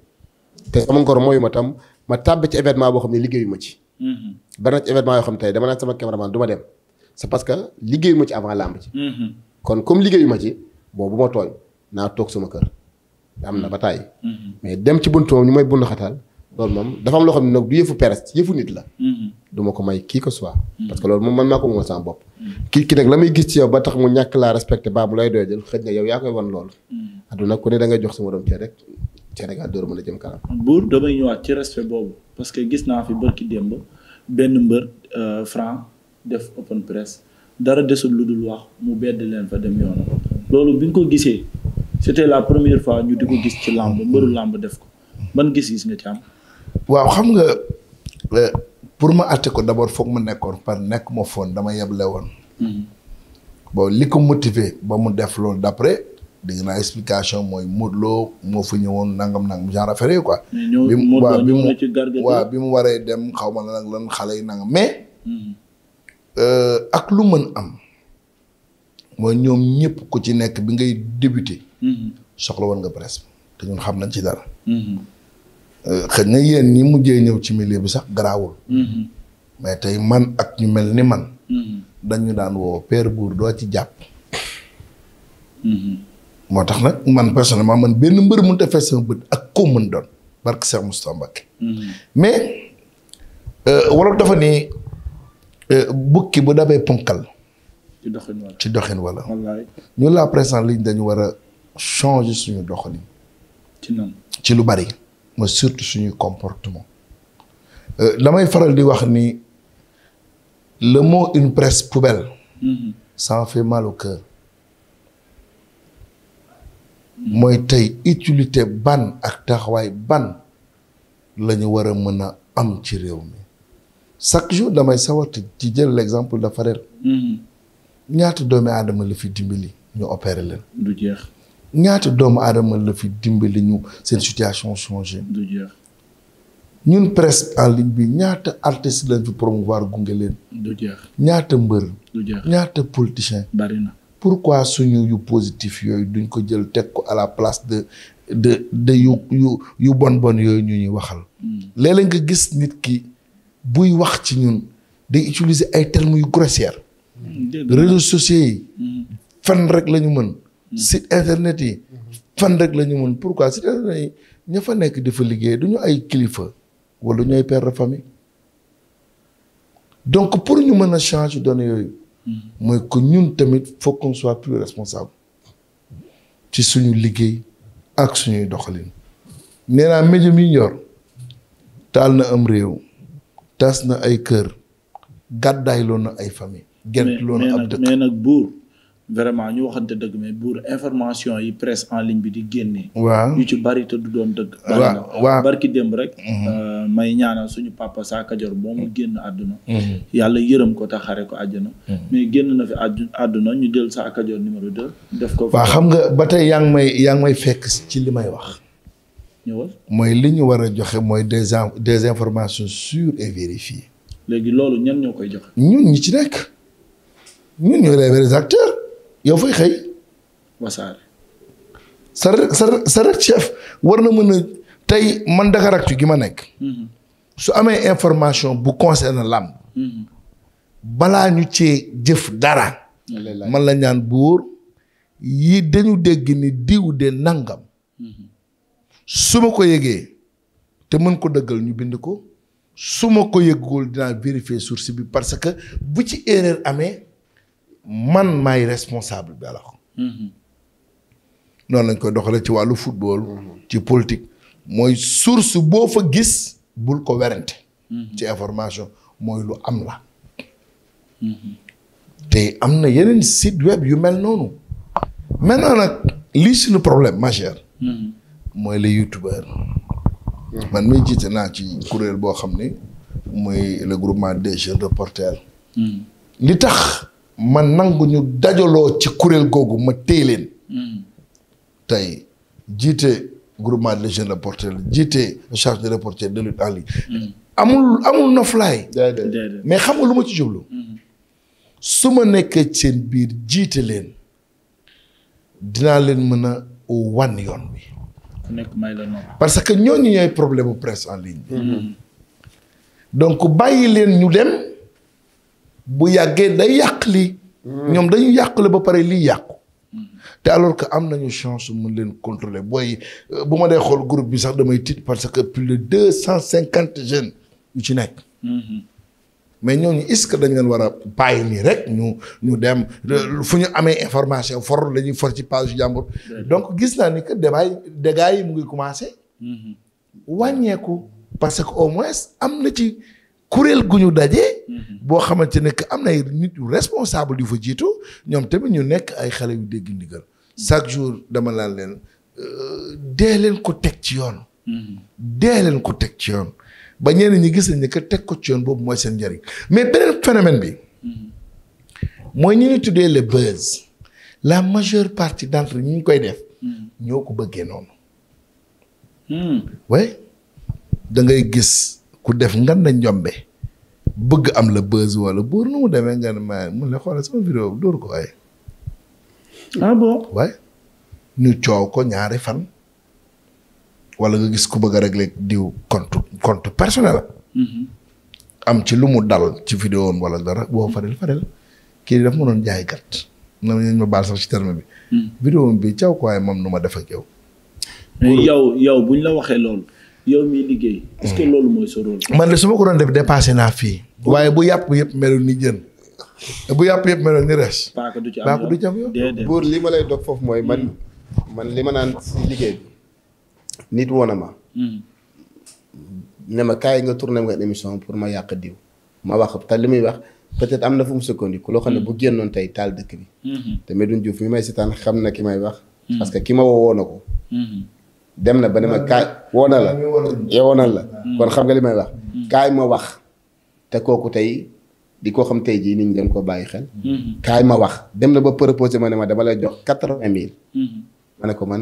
te sama ngor mooy ma tam ma tàbbi ci événement boo xam ne liggéeyu ma ci. Mhm. bari na ci événement yoo xam tey dama naan sama cameraman du ma dem c'est parce que liggéeyu ma ci avant làmb ci. Mhm. kon comme liggéeyu ma ci boobu bu ma tooñ naa toog sama kër am na mhm. ba tàyyi mais dem ci buntu moom ñu may bund xataal loolu moom dafa am loo xam ne nag du yëfu peres yëfu nit la. Mm-hmm. du ma ko may kii ko soit. Mm-hmm. parce que loolu moom man maa ko moomal sama bopp. Mm-hmm. kii ki nag la muy gis ci yow ba tax mu ñàkk laa respecté ba mu lay doy jël xëj na yow yaa koy wan loolu. adduna ku ne da ngay jox sama doom cee rek Sénégal door mën a jëm kanam. buur damay ñëwaat ci respect boobu parce que gis naa fi barki démb benn mbër euh, franc def open press dara desul lu dul wax mu bedd leen fa dem yoonu loolu bi nga ko gisee c'était la première fois ñu di ko gis ci làmb mbëru làmb def ko ban gis-gis nga ci waaw xam nga euh, pour ma àtte ko d'abord foog ma nekkoon par nekk ma foon dama yeble woon. Mm-hmm. bon li ko motiver ba mu def loolu d'après dégg naa explication mooy Modou loo moo fa ñëwoon nangam nangam genre affaire yi quoi. bi mu waaw mu waaw bi mu waree dem xaw ma lan lan xale yi nangam mais. Mm-hmm. Euh, ak lu mën am. mooy ñoom ñëpp ku ci nekk bi ngay débuter. Mm-hmm. soxla woon nga presse te ñun xam nañ ci dara. xëy na yéen ñi mujjee ñëw ci millier bi sax garaawul. Mhm. mais tey man ak ñu mel ni man. Mhm. dañu daan woo père buur doo ci jàpp. Mhm. moo tax nag man personnellement man benn mbër mënut a fees sama bët ak koo mën doon barke Cheikh Moustapha Mbacké. mais euh, wolof dafa ni euh, bukki bu dabee ponkal. ci doxin wala ci doxin wala. ñu la présent liñ dañu war a changer suñu doxalin. ci lu bari. mais surtout suñu comportement damay euh, faral di wax ni le mot une presse poubelle mm-hmm. ça fait mal au mooy tey utilité ban ak taxawaay ban la ñu war a mën a am ci réew mi chaque jour damay sawar ci jël l'exemple de Farel mm-hmm. ñaata doomi aadama la fi dimbali ñu opéré leen ñaata doomu aadama la fi dimbali ñu seen situation changé. ñun presque en ligne bi ñaata artiste lañ fi promouvoir gunge leen. du jeex ñaata mbër. du jeex ñaata politicien. bari na pourquoi suñu yu positif yooyu duñ ko jël teg ko à la place de de de yu yu bon bon yooyu ñu ñuy waxal. Hmm. léeg-léeg nga gis nit ki buy wax ci ñun day utiliser ay termes yu grossiers. Hmm. réseaux sociaux yi. Hmm. fen rek la mën. Mm-hmm. site internet yi. fan rek la ñu mun pourquoi site internet yi ña fa nekk di fa liggéey du ñu ay kilifa wala ñooy père de famille. donc pour ñu mën a changer données yooyu. Mm-hmm. mooy que ñun tamit faut qu'on soit plus responsable. ci suñu liggéey ak suñuy doxalin. nee naa médium yi ñor. taal na am réew. tas na ay kër. gàddaay loon na ay famille. gent loon na ab dëkk vraiment ñu waxante dëgg mais pour information yi presse en ligne bi di génnee. waaw ñu ci bari te du doon dëgg. waaw waaw barki démb rek. Mhm. Euh, may ñaana suñu papa saa Kajoor boo mu génn àdduna. Mhm. Mhm. yàlla yërëm ko te xare ko àjjana. mais génn na fi àjju àdduna ñu del saa Kajoor numéro de def ko waaw xam nga ba tey yaa ngi may yaa ngi may fekk ci li may wax. ñëwal mooy li ñu war a joxe mooy des des informations sûres et vérifiées. léegi loolu ñan ñoo koy joxe. ñun ñi ci nekk ñun ñooy les vrais yow fay xëy. wasaare. sa sa sa ret chef war na mën a tey man Dakaractu gi ma nekk. Mhm. su amee information bu concerne làmb. Mhm. balaa ñu ci jëf dara. man la ñaan buur yi dañu dégg ni diw de nangam. Mhm. su ma ko yëgee te mën ko dëggal ñu bind ko su ma ko yëggul dinaa vérifier source bi parce que bu ci erreur amee. man may responsable bi alors. Mm-hmm. noonu lañ koy doxalee ci wàllu football. Mm-hmm. ci politique mooy source boo fa gis bul ko werante mm-hmm. ci information mooy lu am la. te am na yeneen site web yu mel noonu. maintenant nag lii suñu problème majeur. mooy les youtubeurs. man mi jiite naa ci kuréel boo xam ne mooy le groupement des jeunes reporters. li tax ma nangu ñu dajaloo ci kuréel googu ma téye leen. Hmm. tey jiite groupement des jeunes reporters jiite charge de reporter de lutte en ligne. Hmm. amul amul noflaay. mais xam nga lu ma ci jublu. Hmm. su ma nekkee seen biir jiite leen dinaa leen mën a wan yoon bi. parce que ñooñu ñooy problème presse en ligne. donc bàyyi leen ñu dem. bu yàggee day yàq lii. ñoom dañu yàqule ba pare lii yàqu. te alors que am nañu chance mun leen contrôler booy euh, bu ma dee xool groupe bi sax damay tiit parce que plus de deux cent cinquante jeunes yu ci nekk. mais ñooñu est-ce que dañ leen war a bàyyi nii rek ñu ñu dem fu ñu amee information for la ñuy for ci page jàmbur. donc gis naa ni que débat yi yi mu ngi commencé. Mm-hmm. wàññeeku parce que au moins am na ci. kuréel gu ñu daje. Mhm. boo xamante ne que am na ay nit yu responsable yu fa jiitu ñoom tamit ñu nekk ay xale yu dégg ndigal chaque jour dama naan leen euh, dee leen ko teg ci yoon. Mhm. dee ko teg ci yoon. ba ñeneen ñi gis nañ ne que teg ko ci yoon boobu mooy seen njariñ mais beneen phénomène bi. Mhm. mooy ñu ñu tuddee le buzz. la majeure partie d'entre ñi ñu koy def. ñoo ko bëggee noonu. Hmm. oui da gis. ku def ngan na njombe bëgg am la buzz wala buur nu mu demee nga ne mun la xoolal sama vidéo dóor ko waaye. ah bon waaye ñu coow ko ñaari fan. wala nga gis ku bëgg a régler diw compte compte personnel mm-hmm. am ci lu mu dal ci vidéo am dara boo faril faril kii daf ma doon jaay kat. na ñu ma baal sax ci terme bi. Mm. vidéo bi caw ko waaye moom nu ma def ak yow. yow yow buñ la waxee loolu. yow miy liggéey. Mm. man de su ma ko doon def dépassé naa fii. waaye bu yàpp yëpp meloon ni jën. bu yàpp yëpp meloon ni res. paaka du ci du jam am buur li ma lay dog foofu mooy man mm. man li ma naan si liggéey bi. nit woon ma. Mm. ne ma kaay nga tourné nga émission pour ma yàq diw. ma wax te li muy wax peut-être am na fu mu sukkandiku. loo xam ne bu génnoon tey taal dëkk bi. Mm-hmm. te Medoune mi may seetaan xam na ki may wax. parce que ki ma woo ko. Mm-hmm. dem na ba ne ma kaay woo la woo na la mm. kon xam nga li may wax mm. kaay ma wax te kooku tey di koo xam tey jii nit ñi dañ koo bàyyi xel mm-hmm. kaay ma wax dem na ba proposé ma ne ma dama lay jox quatre-vingt mille mm-hmm. ma ne ko man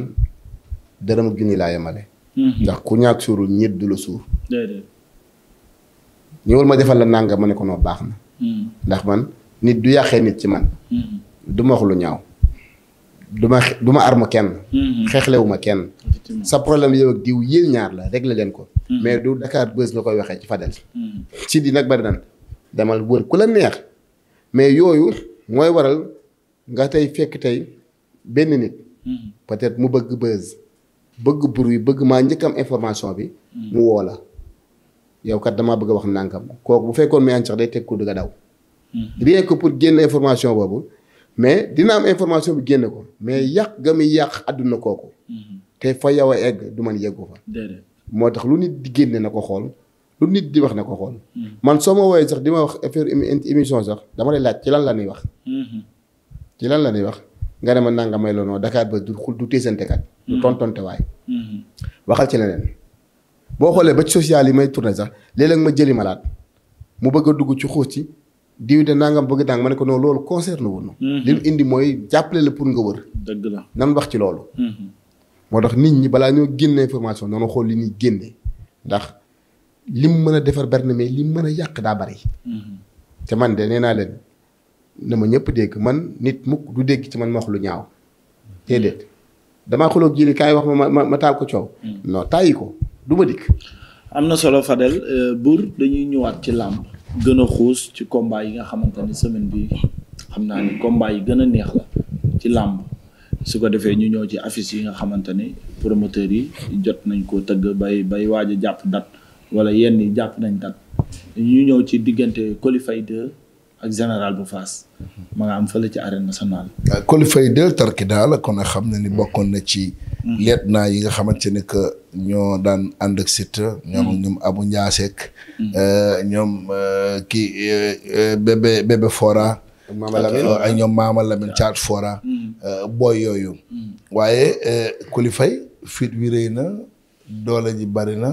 dërëm ak junni laa yemale mm-hmm. ndax ku ñaak suurul ñett du la suur ñëwal ma defal la nànga ma ne ko noo baax na ndax man nit du yàqee nit ci man du ma wax lu ñaaw du ma du ma arme kenn. Mm-hmm. xeexlewuma kenn. sa problème yow ak diw yéen ñaar la réglé leen ko. Mm-hmm. mais du Dakar Buzz la koy waxee ci Fadel. Mm-hmm. si di nag bari nan demal wër ku la neex mais yooyu mooy waral nga tey fekk tey benn nit. peut-être mu bëgg Buzz bëgg bruit bëgg maa njëkkam information bi. mu woo la yow kat damaa bëgg a wax nànkam kooku bu fekkoon muy ànd day teg ku dugg a daw. rien que pour génn information boobu. mais dina am information bi génne ko mais yàq ga muy yàq àdduna kooku. Mhm. te fa yow a egg du man yeggu fa. moo tax lu nit di génne na ko xool lu nit di wax na ko xool. Mhm. man soo ma woowee sax di ma wax affaire émission sax dama lay laaj ci lan la ñuy wax. Mhm. ci lan la ñuy wax nga ne ma nangamay la noo Dakar ba du xul du teesante kat. du tontonte waay. waxal ci leneen. boo xoolee ba ci social yi may tourné sax léeg-léeg ma jëli ma laat mu bëgg a dugg ci xuus ci diw de nangam bëgg tàng ma ne ko non loolu concerne wuñu mhm. li ñu indi mooy jàppale la pour nga wër. dëgg la nan wax ci loolu. Mhm. moo tax nit ñi balaa ñoo génne information noonu xool li ñuy génne ndax lim mën a defar bari na mais lim mën a yàq daa bari. Mhm. te man de nee naa leen na ma ñëpp dégg man nit mukk du ci man wax lu ñaaw. déedéet damaa xooloo ji li wax ma ma ma taal ko coow. noo taayi ko du ma dikk. am na solo Fadel euh, buur dañuy ñëwaat ci làmb. gën a xuus ci combat yi nga xamante ni semaine bi xam naa ni combat yi gën a neex la ci làmb su ko defee ñu ñëw ci affiche yi nga xamante ni promoteurs yi jot nañ koo tëgg bay bay waaj a jàpp date wala yenn yi jàpp nañ date ñu ñëw ci diggante Colifay 2 ak général bu fas ma nga am fële ci arène nationale. Colifay 2 tarki daal kon a xam na ni bokkoon na ci. leet mm-hmm. naa yi nga xamante ne que ñoo daan ànd ak Siteu mm-hmm. ñoom ñoom Abu Ndiaseek mm-hmm. euh, ñoom euh, kii euh, bébé bébé Fora ak ñoom Maama Lamine Thiat Fora booy yooyu waaye Coly Faye fit wi rëy na doole ji bari na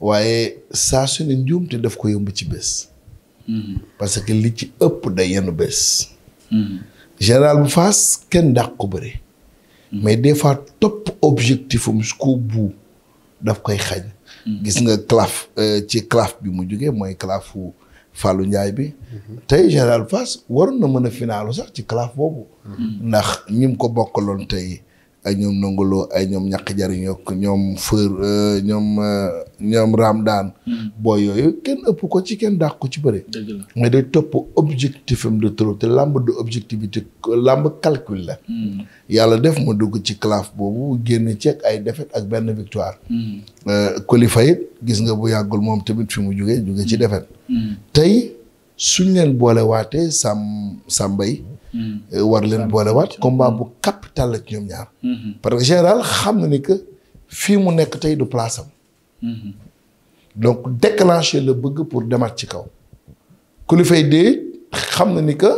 waaye saa su ne njuumte daf ko yomb ci bés parce que li ci ëpp day yenu bés général bu Fass kenn dàq ko bari mais des fois topp objectif am jusqu'au bout daf koy xañ gis nga claf euh, ci claf bi mu jógee mooy clafu Fallou njaay bi tey Général Fass waroon na mën a finaalu sax ci claf boobu mm-hmm. ndax ñim ko bokkaloon tey ay ñoom nongolo ay ñoom ñàkk jariñ yokk ñoom fër euh, ñoom euh, ñoom raam daan hmm. booy yooyu kenn ëpp ko ci kenn dàq ko ci bëre mais day topp objectif am de trop te làmb de objectivité làmb calcul la hmm. yàlla def ma dugg ci claf boobu génn ceeg ay défaite ak benn victoire Kolifa hmm. euh, it gis nga bu yàggul moom tamit fi mu jugee jugee ci défaite tey suñ leen boole waatee sàm sàmbay Mm-hmm. Euh, war leen boolewaat combat bu capital la ci ñoom ñaar. Mm-hmm. parce que général xam na ni que fii mu nekk tey du place am. Mm-hmm. donc déclencher la bëgg pour demat ci kaw. ku li fay dee xam na ni que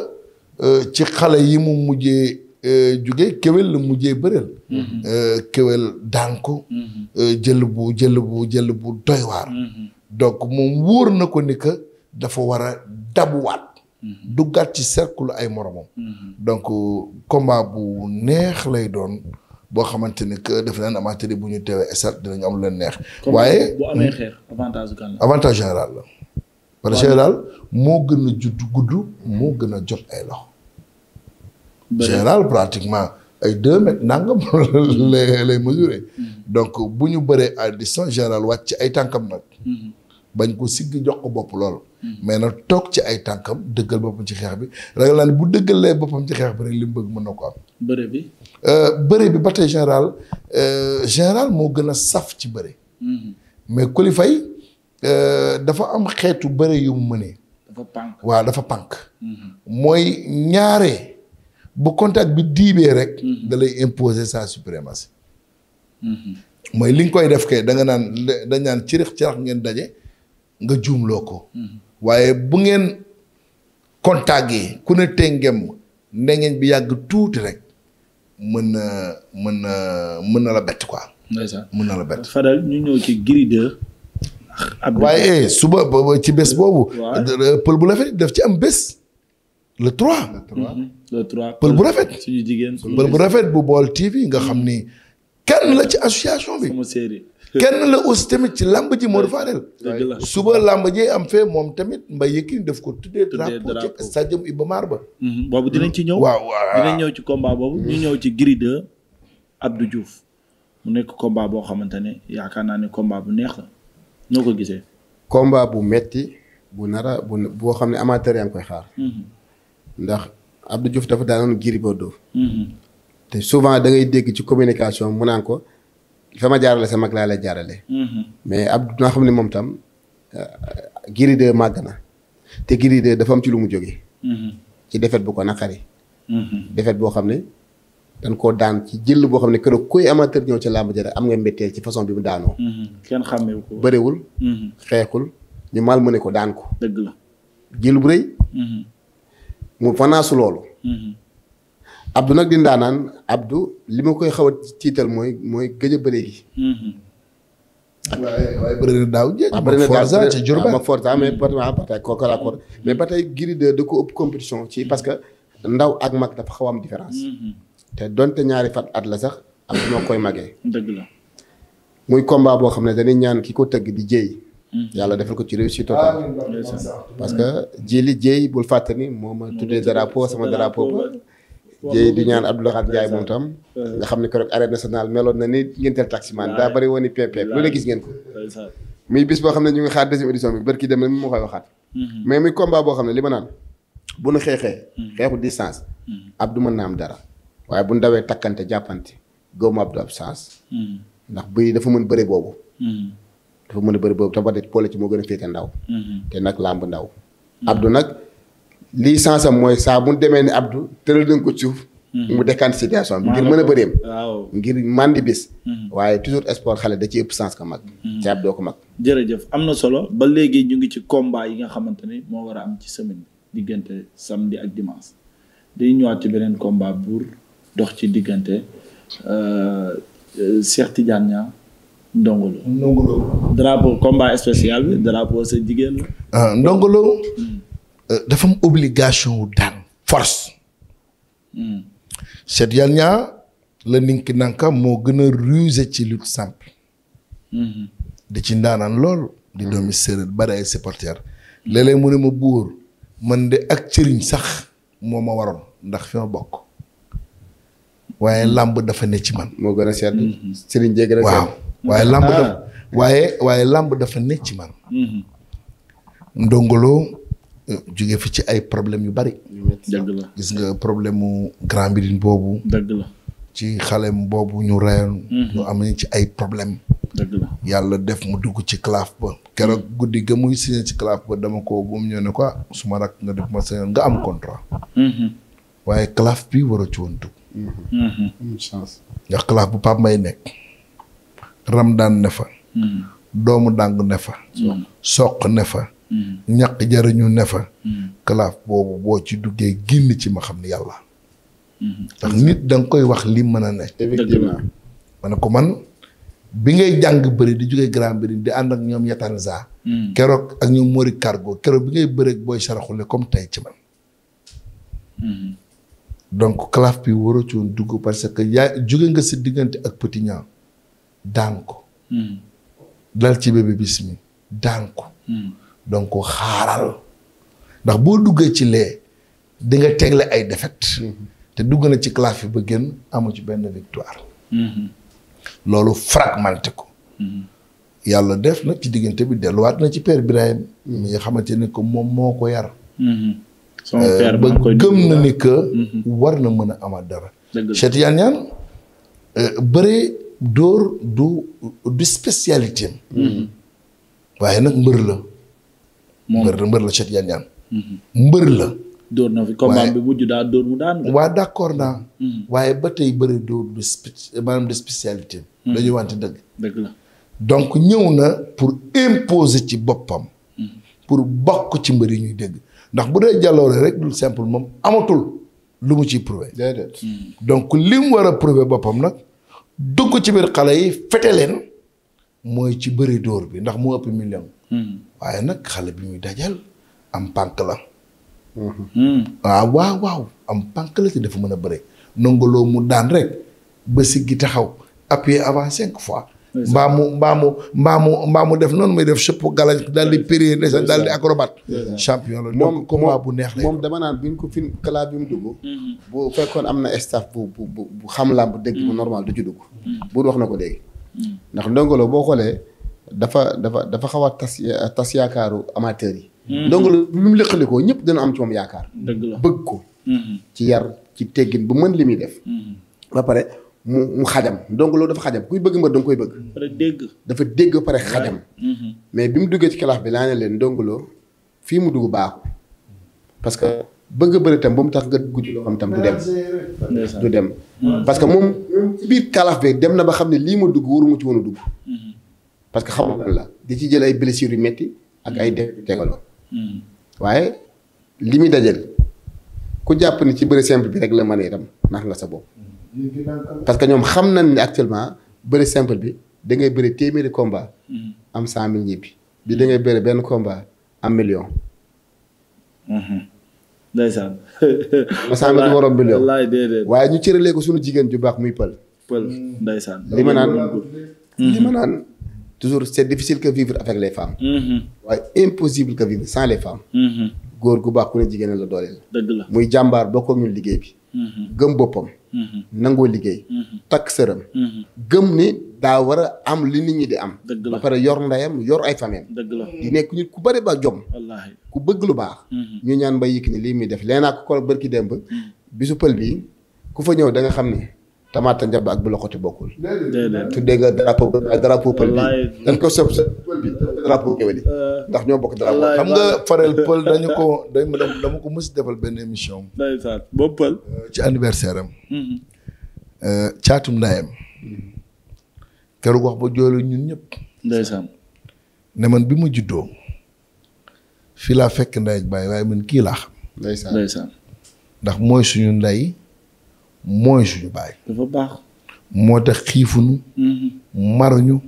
euh, ci xale yi mu mujjee euh, jugee kéwél la mujjee bëreel. kéwél daan ko. jël bu jël bu jël bu doy waar. donc moom wóor na ko ni que dafa war a dabuwaat. Mm-hmm. duggaat ci cercle ay moromam. Mm-hmm. donc euh, combat bu neex lay doon boo xamante ni que def nañ amateur bu ñu teewee esat dinañ am lu leen neex. waaye bu amee avantage général la. parce général moo gën a judd gudd moo gën a jot ay loxo. général pratiquement ay deux mètres nangam lay lay mesurer. Mm-hmm. donc bu ñu bëree à distance général wàcc ci ay tànkam nag. bañ ko sigg jox ko bopp lool. mais na toog ci ay tànkam dëggal boppam ci xeex bi ragal naa ne bu dëggalee boppam ci xeex bi rek li mu bëgg mën na ko am. bëre bi. Euh, bëre bi ba tey général euh, général moo gën a saf ci bëre. Mhm. mais Coly Faye euh, dafa am xeetu bëre yu mu mënee. dafa pànk waaw dafa pànk. Mhm. mooy ñaare bu contact bi diibee rek. Mhm. da lay imposer sa suprématie. mooy li nga koy def kay da nga naan dañ naan cirix cirax ngeen daje nga juumloo ko. waaye bu ngeen contact yi ku ne tey ngem ne bi yàgg tuuti rek mën na mën na mën na la bett quoi. mën na la bett. Fadal ñu ñëw ci Gris 2 waaye eh, suba ci bés boobu. pël bu rafet daf ci am bés. le 3. le 3 mm-hmm. pël bu rafet. suñu jigéen pël bu rafet bu bool TV nga xam ni kenn la ci association bi. kenn la aussi tamit ci làmb moo Modou Fadel suba làmb ji am fee moom tamit Mbaye Yékini daf ko tuddee drapeau ci stadium Iba maar ba mhm. boobu dinañ ci ñëw waaw dinañ ñëw ci combat boobu ñu ñëw ci Gris 2 Abdou mu nekk combat boo xamante ne yaakaar naa ne combat bu neex la ñoo ko gisee combat bu metti bu nara bu boo xam ne amateur yaa koy xaar mhm. ndax Abdou Diouf dafa daanoon Gris Bordeaux mhm. te souvent da ngay dégg ci communication mun naan ko sama jaarale sa mag laa lay jaarale. Mm-hmm. mais ab nga xam ne moom tam euh, Gris 2 màgg na te Gris 2 dafa am ci lu mu jóge mm-hmm. ci defet bu ko naqari. Mm-hmm. defet boo xam ne dañ koo daan ci jël boo xam ne keroog kuy amateur ñëw ci làmb ja am nga mbetteel ci façon bi mu daanoo. kenn xàmmeewu ko bëriwul. xeexul ñu mu ne ko daan ko. jël bu rëy. mu fanaasu loolu. abdu nag di ndaanaan Abdou li ma koy xaw a tiital mooy mooy gëj a bëre gi. Mm-hmm. waaye waaye na daaw jéeg. bëri na daaw ah, Forza ci Diourbel ak ah, Forza mais par rapport ak Kooka Laakor mais ba tey Gris 2 da ko ëpp ci parce que ndaw ak mag dafa xaw am différence. Mm-hmm. te donte ñaari fat at sax am noo koy magee. dëgg muy combat boo xam ne dañuy ñaan ki ko tëgg di jéey. Mm-hmm. yàlla defal ko ci réussite parce que ji li jéey bul fàttali moo sama drapeau jéy di ñaan Abdou Lahad Ndiaye moom tam nga xam ne keroog arène nationale meloon na ni ngeen teel taximaan daa bëri woon ni peep peep lu ne gis ngeen ko muy bis boo xam ne ñu ngi xaar deuxième édition bi bërki dem na mi moo koy waxaat mm-hmm. mais muy combat boo xam ne li ma naan bu nu xeexee mm-hmm. xeexu distance mm-hmm. Abdou mën naa am dara waaye bu nu dawee takkante jàppante gëwma Abdou ab chance ndax bëy dafa mën bëre boobu dafa mën a bëri boobu te ba de poole ci moo gën a féete ndaw te nag làmb ndaw lii sens am mooy saa bu ñu demee ni Abdou tëral nañ ko suuf. Hmm. mu décante situation bi ngir mën a bëreem. ngir màndi bis. Hmm. waaye toujours sport xale da ci ëpp sens ko mag. Hmm. ci Abdou ko mag. jërëjëf am na solo ba léegi ñu ngi ci combat yi nga xamante ni moo war a am ci semaine bi diggante samedi ak dimanche day ñëwaat ci beneen combat buur dox ci diggante euh, Cheikh Tidiane Niang Ndongo Lo. Ndongo Lo drapeau combat spécial drapeau sa jigéen la. Ah, Ndongo Lo. Euh, dafa mu obligation wu daan force. Hmm. Cheikh Yalnia la Ninkinanka moo gën a rusé ci lutte simple. Hmm. di ci ndaanaan lool. di hmm. doomi séeréer bari ay supporters. léeg mu ne ma buur man de ak cëriñ sax moo ma waroon ndax fi ma bokk. waaye làmb dafa ne ci man. moo gën a sedd. sëriñ jéggi rek waaw waaye làmb dafa waaye ne ci man. ndongolo. jóge fi ci ay problème yu bari. gis nga problème mu Grand Médine boobu. dëgg la ci xalem boobu ñu reyoon. Mhm. ñu am ci ay problème yàlla def mu dugg ci claf ba. keroog mhm. guddi ga muy signé ci claf ba dama ko ba mu ñëw ne ko ah, su ma rak nga def ma signé nga am contrat. Mhm. waaye claf bi war a ci woon dugg. am chance. bu Pape Mbaye nekk. Ramdan ne fa. doomu dàng ne fa. soq ne fa. Mm. ñaq jariñu ne fa mm. kalaaf boobu boo ci duggee génn ci ma xam ne yàlla mm-hmm. ndax nit da koy wax li mën a ne effectivement ma ne ko man bi ngay jàng bëri di jógee grand bëri di ànd ak ñoom Yatanza mm. keroog ak ñoom Mori Cargo keroog bi ngay bëreeg booy saraxule comme tey ci man mm-hmm. donc calaf bi waroo ci woon dugg parce que yaa jóge nga si diggante ak petit ñaa daan ko dal ci bébé bis daan ko donc xaaral ndax boo duggee ci lee di tegle ay défaite mm-hmm. te dugg na ci classe bi ba génn amu ci benn victoire mm-hmm. loolu fragmenté ko mm-hmm. yàlla def nag ci diggante bi delluwaat na ci père Birahim mi nga xamante ne que moom moo ko yar euh, ba gëm na ni que war na mën a amal dara Cheikh yan Yane euh, bëre dóor du du spécialité waaye nag mbër la mbër mbër la Cheikh Tidiane Niang mhm. mbër la dóor na fi combat bi mujj mu daan waa d'accord naa mhm. waaye ba tey bëri dóor du maanaam de mhm. dañuy wante dëgg donc ñëw na pour imposer ci boppam pour bokk ci mbër yi ñuy dégg ndax bu dee jàlloore rek du simple moom amatul lu mu ciy prouvé donc li mu war a prouvé boppam nag dugg ci biir xale yi fete leen mooy ci bëri dóor bi ndax moo ëpp million. Hmm. waaye nag xale bi muy dajal am pànk la. Hmm. waaw waaw waaw am pànk la te dafa mën a bëri nongoloo mu daan rek ba siggi taxaw appuyé avant cinq fois. mbaa mu mbaa mu mbaa mu mbaa mu def noonu muy def sëpp galañ daal di péré ndeysaan dal di acrobate champion la moom combat bu neex la moom dama naan bi ñu ko fi kalaat bi mu dugg hmm. bu fekkoon am na staff bu bu bu xam laa làmb dégg bu normal du ci ko bu wax na ko léegi ndax Ndongo boo xoolee dafa dafa dafa xaw a tas tas yaakaaru amateurs yi. Mm-hmm. Ndongo lu bi mu lëkkalikoo ñëpp dana am ci moom yaakaar. dëgg la bëgg ko. Mm-hmm. ci yar ci teggin bu mën li muy def. Mm-hmm. ba pare mu xajam Ndongo Lo dafa xajam kuy bëgg mbër da koy bëgg. dégg. dafa dégg pare xajam. mais bi mu duggee ci kalaaf bi laa ne leen Ndongo Lo fii mu dugg baaxu parce que bëgg bëri tam ba mu tax nga dugg ci loo xam tam du dem. du dem. parce que moom ci biir kalaaf bi dem na ba xam ne lii ma dugg warumu ci woon dugg. parce que xamul lan la di ci jël ay blessures yu metti ak ay def tegaloo. waaye li muy dajal ku jàpp ni ci bëri simple bi rek la mën a itam nax nga sa bopp. parce que ñoom xam nañ ne actuellement bëri simple bi dangay bëri téeméeri combat. am cent mille ñibbi bi da bëri benn combat am million. ndeysaan. masamba du morom bi léew laay déedéet. waaye ñu cëralee ko suñu jigéen ju baax muy pël. pël ndeysaan. li li ma mhm. toujours c' est difficile que vivre avec les femmes. Mhm. waaye impossible que vivre sans les femmes. Mhm. góor gu baax ku ne jigéen la dooleel. muy jàmbaar bokk ak ñu liggéey bi. Mm-hmm. gëm boppam. Mm-hmm. nangoo liggéey. Mm-hmm. takk sëram. gëm ni daa war a am li nit ñi di am. ba pare yor ndeyam yor ay famem di nekk nit ku bëri ba jom. ku bëgg lu baax. ñu ñaan ba yëg ni lii muy def leen naa ko ko ki démb. bisu pël bi ku fa ñëw danga xam ni. tamaata njab ak bu loxoti bokkul. tuddee nga drapeau drapeau pël bi dañ ko sëb sëb pël bi euh, ndax ñoo bokk drapeau xam nga fareel pël dañu ko dañ dama ko mës defal benn émission am boobu pël euh, ci anniversaire am mm-hmm. euh, caatum ndaayam mm-hmm. keroog wax ba jooylu ñun ñëpp ndeysaan man bi ma juddoo fii laa fekk nday ak baay waaye man kii laa ndax mooy suñu nday mooy su baay. dafa baax. moo tax xiifuñu. Mm-hmm. maruñu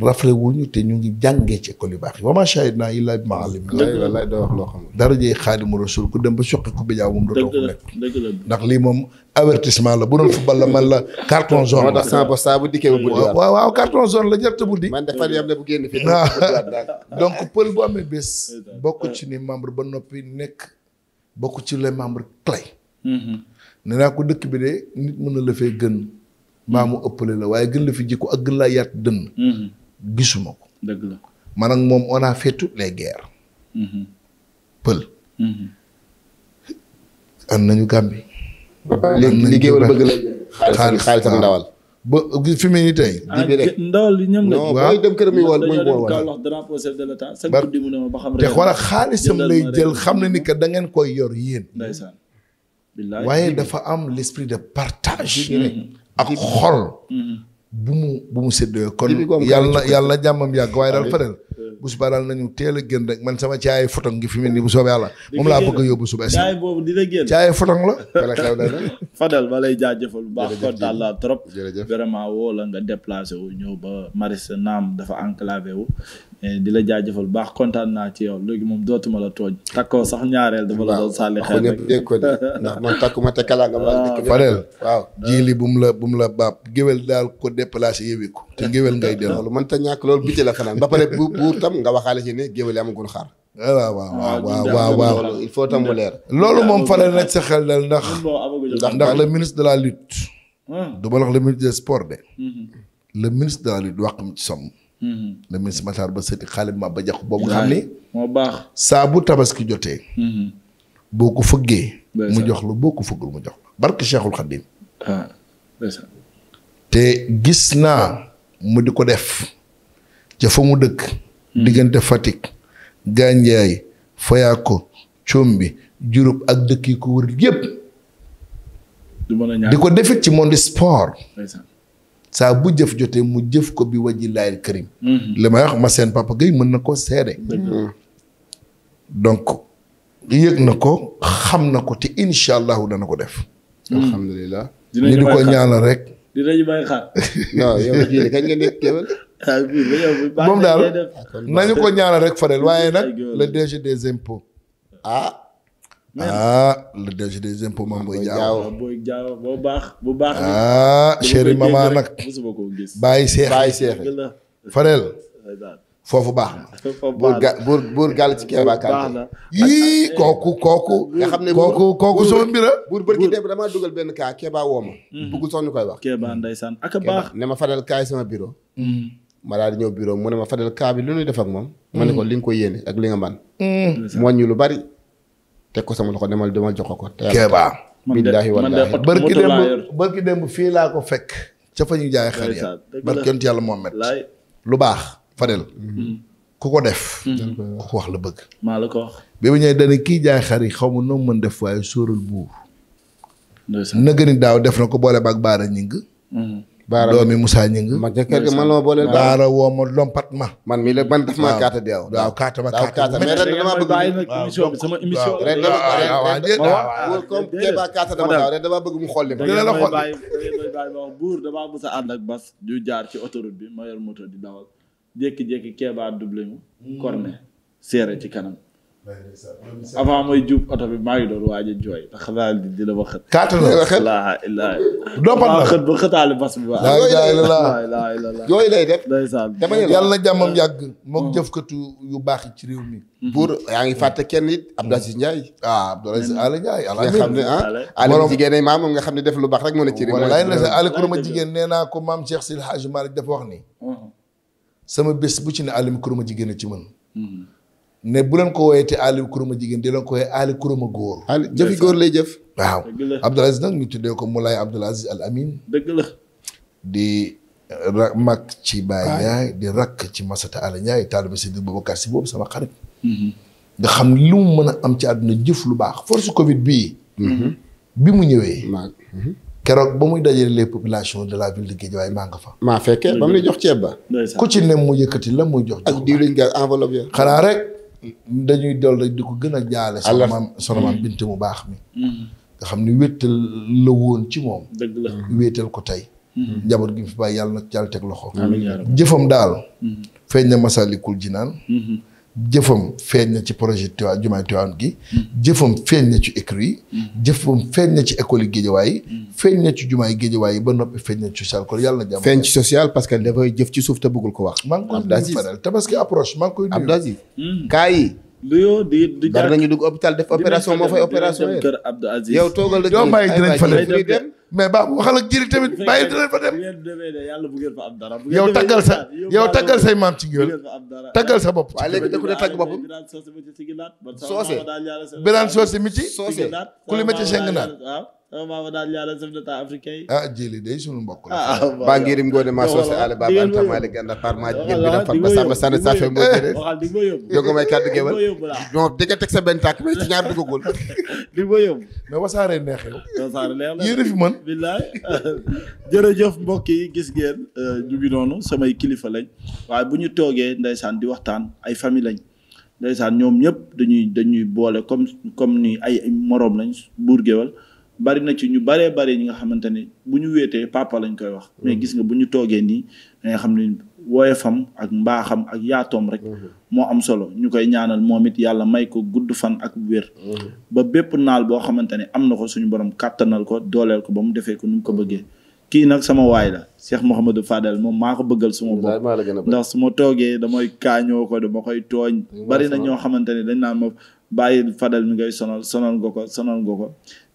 raflewuñu te ñu ngi jàngee ci école yu baax yi wa maa shahidnaa illaa bimaa 'alimnaa. dëgg la laay wax loo xam. dara jëye Xaadimu Rasuul ku dem ba soqi ku bijaaw moom dootoo ko nekk. ndax lii moom avertissement la bu doon football la man la carton jaune. moo tax sans saa bu dikkee bu buddi waaw waaw carton jaune la jarte buddi. man de fan yam ne bu génn fii. donc pël bu amee bés. bokk ci ni membre ba noppi nekk bokk ci les membres clés. Mm-hmm. ne naa ko dëkk bi de nit mën na la fee gën mbaa mu ëppale la waaye gën la fi jikko ak gën laa yaat dënn mhm. gisuma ko dëgg la man ak moom on a fait toutes les guerres mhm. pël mhm. an nañu gàmbi léegi liggéey wala bëgg la xaalis xaalis ak ndawal ba mu ni tey. Ah, li ñoom la. waaw dem këram ba xam te xoola xaalisam lay jël xam na ni que da ngeen koy yor yéen. waaye dafa am l'esprit de partage. ak xol. Mm-hmm. bu mu bu mu séddoo kon yàlla na yàlla na jàmmam yàgg waaye daal fadel bu subaa daal nañu teel a génn rek man sama caay photong ngi fi mu ni bu soobee yàlla moom laa bëgg yóbbu suba si caay boobu dina génn caay photong la wala xew na fadel ma lay jaajëfal bu laa trop jërëjëf vraiment woo nga déplacé wu ñëw ba Maristes naam dafa enclavé wu Eh, di la jaajëfal baax kontaan naa ci yow léegi moom dootuma la tooñ. takkoo sax ñaareel dama la doon sàlli xel rek dégg takkuma te kalaa nga baal ah, fadeel waaw jiili bu mu la bu mu la baab géwél daal ko déplacé yëwi te géwél ngay dellu loolu mën ta ñàkk loolu bitti la xanaan ba pare bu buur tam nga waxaale ci ne géwél amagul xaar ah, waaw waaw ah, tam mu leer loolu moom fadeel nag sa xel ndax ndax le ministre de la lutte du le ministre des sports de mm-hmm. le ministre de la lutte wax ci somm Mm-hmm. le ministre Matar ba sëti xaalis ma ba jax boobu xam ni. moo baax saa bu tabaski jotee. Mm-hmm. boo ko fëggee. mu jox lu boo ko fëggul mu jox la barke Cheikhul Khadim. Ah, te gis naa mu di ko def. ca fa mu dëkk. Mm-hmm. diggante Fatick. Gandiaye Fayako Combi Diouroup ak dëkk yi ko wër yépp di ko defit ci monde sport. saa bu jëf jotee mu jëf ko bi waji laayil kërim mhm. li may ma seen papa Gueye mën na koo seede donc yëg na ko xam na ko te incha allahu dana ko def mhm. alhamdulilah ñu ko ñaanal rek dinañu ah, may moom daal nañu ko ñaanal rek waaye nag le DG des impôts ah ah le DG des impôts moom booy jaaw booy jaaw boo baax bu baax. ah chéri maman nag. bàyyi seex bàyyi seex Fadel. foofu baax na. buur ga buur buur gàll ci Keba Kanté. yii kooku eh, kooku. nga xam ne kooku kooku sama mbir la. buur bërki dem damaa dugal benn kaa Keba woo ma. Mm-hmm. bëgg sox ñu koy wax. Keba ndeysaan ak a baax. ne ma Fadel kaay sama biro mm-hmm. ma daal di ñëw bureau mu ne ma Fadel kaa bi lu ñuy def ak moom. ma ne ko mm-hmm. li nga ko yéene ak li nga man moo ñu lu bari. teg ko sama loxo demal demal jox ko. Kéba. billaahi wallaahi barki démb barki démb fii laa ko fekk. ca fa ñu jaay xar ya barki yonent yàlla Muhammad lu baax Fadel. Mm-hmm. ku ko def. Mm-hmm. ku ko wax la bëgg. maa la ko wax. mu ñëwee dañuy kii jaay xar yi xaw ma noo mën def waaye sóoral buur. nag ni daaw def na ko boole baag baara ñing baara doomi Moussa ma ca ma booleel baara woo man mii la man daf ma kaata deew. waaw kaata ma kaata mais ren dama bëgg. émission bi sama émission. bëgg mu xool li ma. dina la xool da ma buur damaa mës a ànd ak bas. ñu jaar ci autoroute bi ma yor moto di dawal jékki-jékki Kéba doublé mu. Hmm. corne serré ci kanam. avant mooy jub oto bi maa ngi doon waaj a jooy ndax xanaa di di la ba xët. kaata la la xët laa illaa. doppat la xët ba xëtaale bas bi. waaw yooyu lay def yooyu lay def. dama ne yàlla na jàmmam yàgg. moom mm. jëfkatu yu baax yi ci réew mi. buur mm-hmm. yaa ngi fàtte kenn it Abdou Aziz Ndiaye. ah Abdou Aziz mm-hmm. Ala Ndiaye. ala nga xam ne ah. Aliou jigéen ay maam nga xam ne def lu baax rek mën a ci réew mi. walaay la sa Aliou Kurma jigéen nee naa ko maam Cheikh Sil Hadj Malick dafa wax ni. Mm-hmm. sama bés bu ci ne Aliou Kurma jigéen a ci mën ne bu leen ko wooyee te Aliou Kuruma jigéen di leen ko wooyee Aliou Kuruma góor. Ali jëfi góor lay jëf. waaw Abdoul Aziz nag ñu tuddee ko Moulay Abdoul Aziz Al Amin. dëgg la. di mag ci Baye Ndiaye di rakk ci Masata Ala Ndiaye taaliba Seydi Boubacar boobu sama xarit. Mm-hmm. nga xam lu mu mën a am ci àdduna jëf lu baax force Covid bii. Mm-hmm. bi mu ñëwee. Mm-hmm. keroog ba muy dajale les populations de la ville de Guédiawaye maa nga fa. maa fekkee ba mu jox ceeb ba. ku ci ne mu yëkkati la muy jox. ak diwlin ga enveloppe ya xanaa rek. dañuy dol rek di ko gën a jaale. allah maam sama maam mm-hmm. bint mu baax mi. Mm-hmm. nga xam ni wéetal la woon ci moom. dëgg mm-hmm. wéetal ko tey. njaboot gi mu fi bàyyi yàlla nag caal teg loxo. jëfam daal. feeñ na masalikul jinaan jëfam feeñ na ci projet Tiwa jumaay Tiwaawan gi jëfam feeñ na ci écrit yi jëfam feeñ na ci école yi géejawaay yi feeñ na ci jumaay géejawaay yi ba noppi feeñ na ci social kon yàlla na jàmm feeñ ci social parce que dafay jëf ci suuf te bëggul ko wax maa ngi koy nuyu faral te parce que approche maa du ñu di di jaar dugg hôpital def opération moo fay opération yi kër Abdou Aziz yow toogal yow bàyyi dinañ fa dem mais baa waxal ak jëri tamit bàyyi dinañ fa dem yàlla bu ngeen fa am dara yow taggal sa yow taggal say maam ci ngéwél taggal sa bopp waaye léegi dëkku de tagg boppam soose biraan soose mi ci soose ku ci seng naat sama maama daal ñaanal ah, mbokk la. ah baa ngi rim ngoone maa soose àll ba ban tamaale ganda par ma jigéen bi dafa yow nga may kàddu géwal ñoom di nga teg sa benn tànk mais ci ñaar duggagul. di ma wasaare neex yow. wasaare neex la yéen fi mën. billaay jërëjëf mbokk yi gis ngeen. Euh, ñu noonu samay kilifa lañ waaye bu ñu toogee ndeysaan di waxtaan ay famille lañ. ndeysaan ñoom ñëpp dañuy dañuy boole comme comme ni ay moroom lañ buur géwal bari na ci ñu baree bari ñi nga xamante ne bu ñu wéetee papa lañ koy wax. mais mm-hmm. gis nga bu ñu toogee nii da nga xam ne fam ak mbaaxam ak yaatoom rek. Mm-hmm. moo am solo ñu koy ñaanal moom it yàlla may ko gudd fan ak wér. Mm-hmm. ba bépp naal boo xamante ne am na ko suñu borom kàttanal ko dooleel ko ba mu defee ko nu mu ko bëggee. kii nag sama waay la Cheikh Mouhamadou Fadel moom maa ko bëggal suma bopp ndax su ma toogee damay kaañoo ko dama koy tooñ. bari na ñoo xamante ne dañ naan ma bàyyi fadal mi ngay sonal sonal nga ko sonal nga ko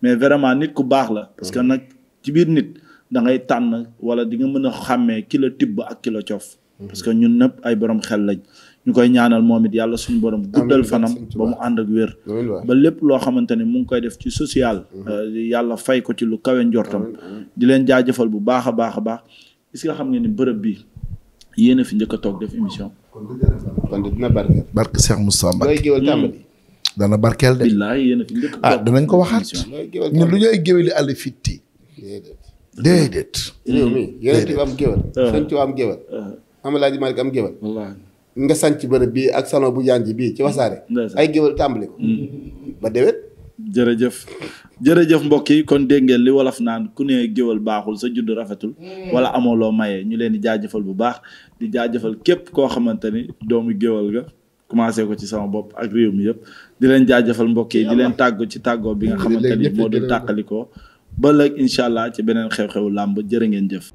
mais vraiment nit ku baax la. parce que mhm. nag ci biir nit da ngay tànn wala di nga mën a xàmmee kilo la tibb ak ki cof coof. Mhm. parce que ñun nëpp ay borom xel lañ. ñu koy ñaanal moom it yàlla suñu borom guddal fanam ba mu ànd ak wér ba lépp loo xamante ne mu ngi koy def ci social mhm. euh, yàlla fay ko ci lu kawe njortam di leen jaajëfal bu baax a baax a baax est-ce xam nga ni bërëb bi yéen a fi njëkk toog def émission kon dina barke barke Cheikh Moussa Mbacké dana barkeel de. ah danañ ko waxaat. ñun du ñu ay géwéli àll fitti. déedéet. réew mi yeneen bi am géwél. Ah. sëñ am géwél. Ah. Amalaaji Malick am géwél. nga sànc bërëb bii ak salon bu yanji bii ci wasaare. ay géwél tàmbali ko. Mm. ba déwét. jërëjëf jërëjëf mbokk yi kon dégg ngeen li wolof naan ku ne géwal baaxul sa judd rafetul mm. wala amoo loo mayee ñu leen di jaajëfal bu baax di jaajëfal képp koo xamante ni doomu géwal ga commencé ko ci sama bopp ak réew mi yëpp di leen jaajëfal mbokk yi di leen tàggu ci tàggoo bi nga xamante ni moo dul tàqalikoo ba léegi incha allah ci beneen xew-xewu làmb jërë ngeen jëf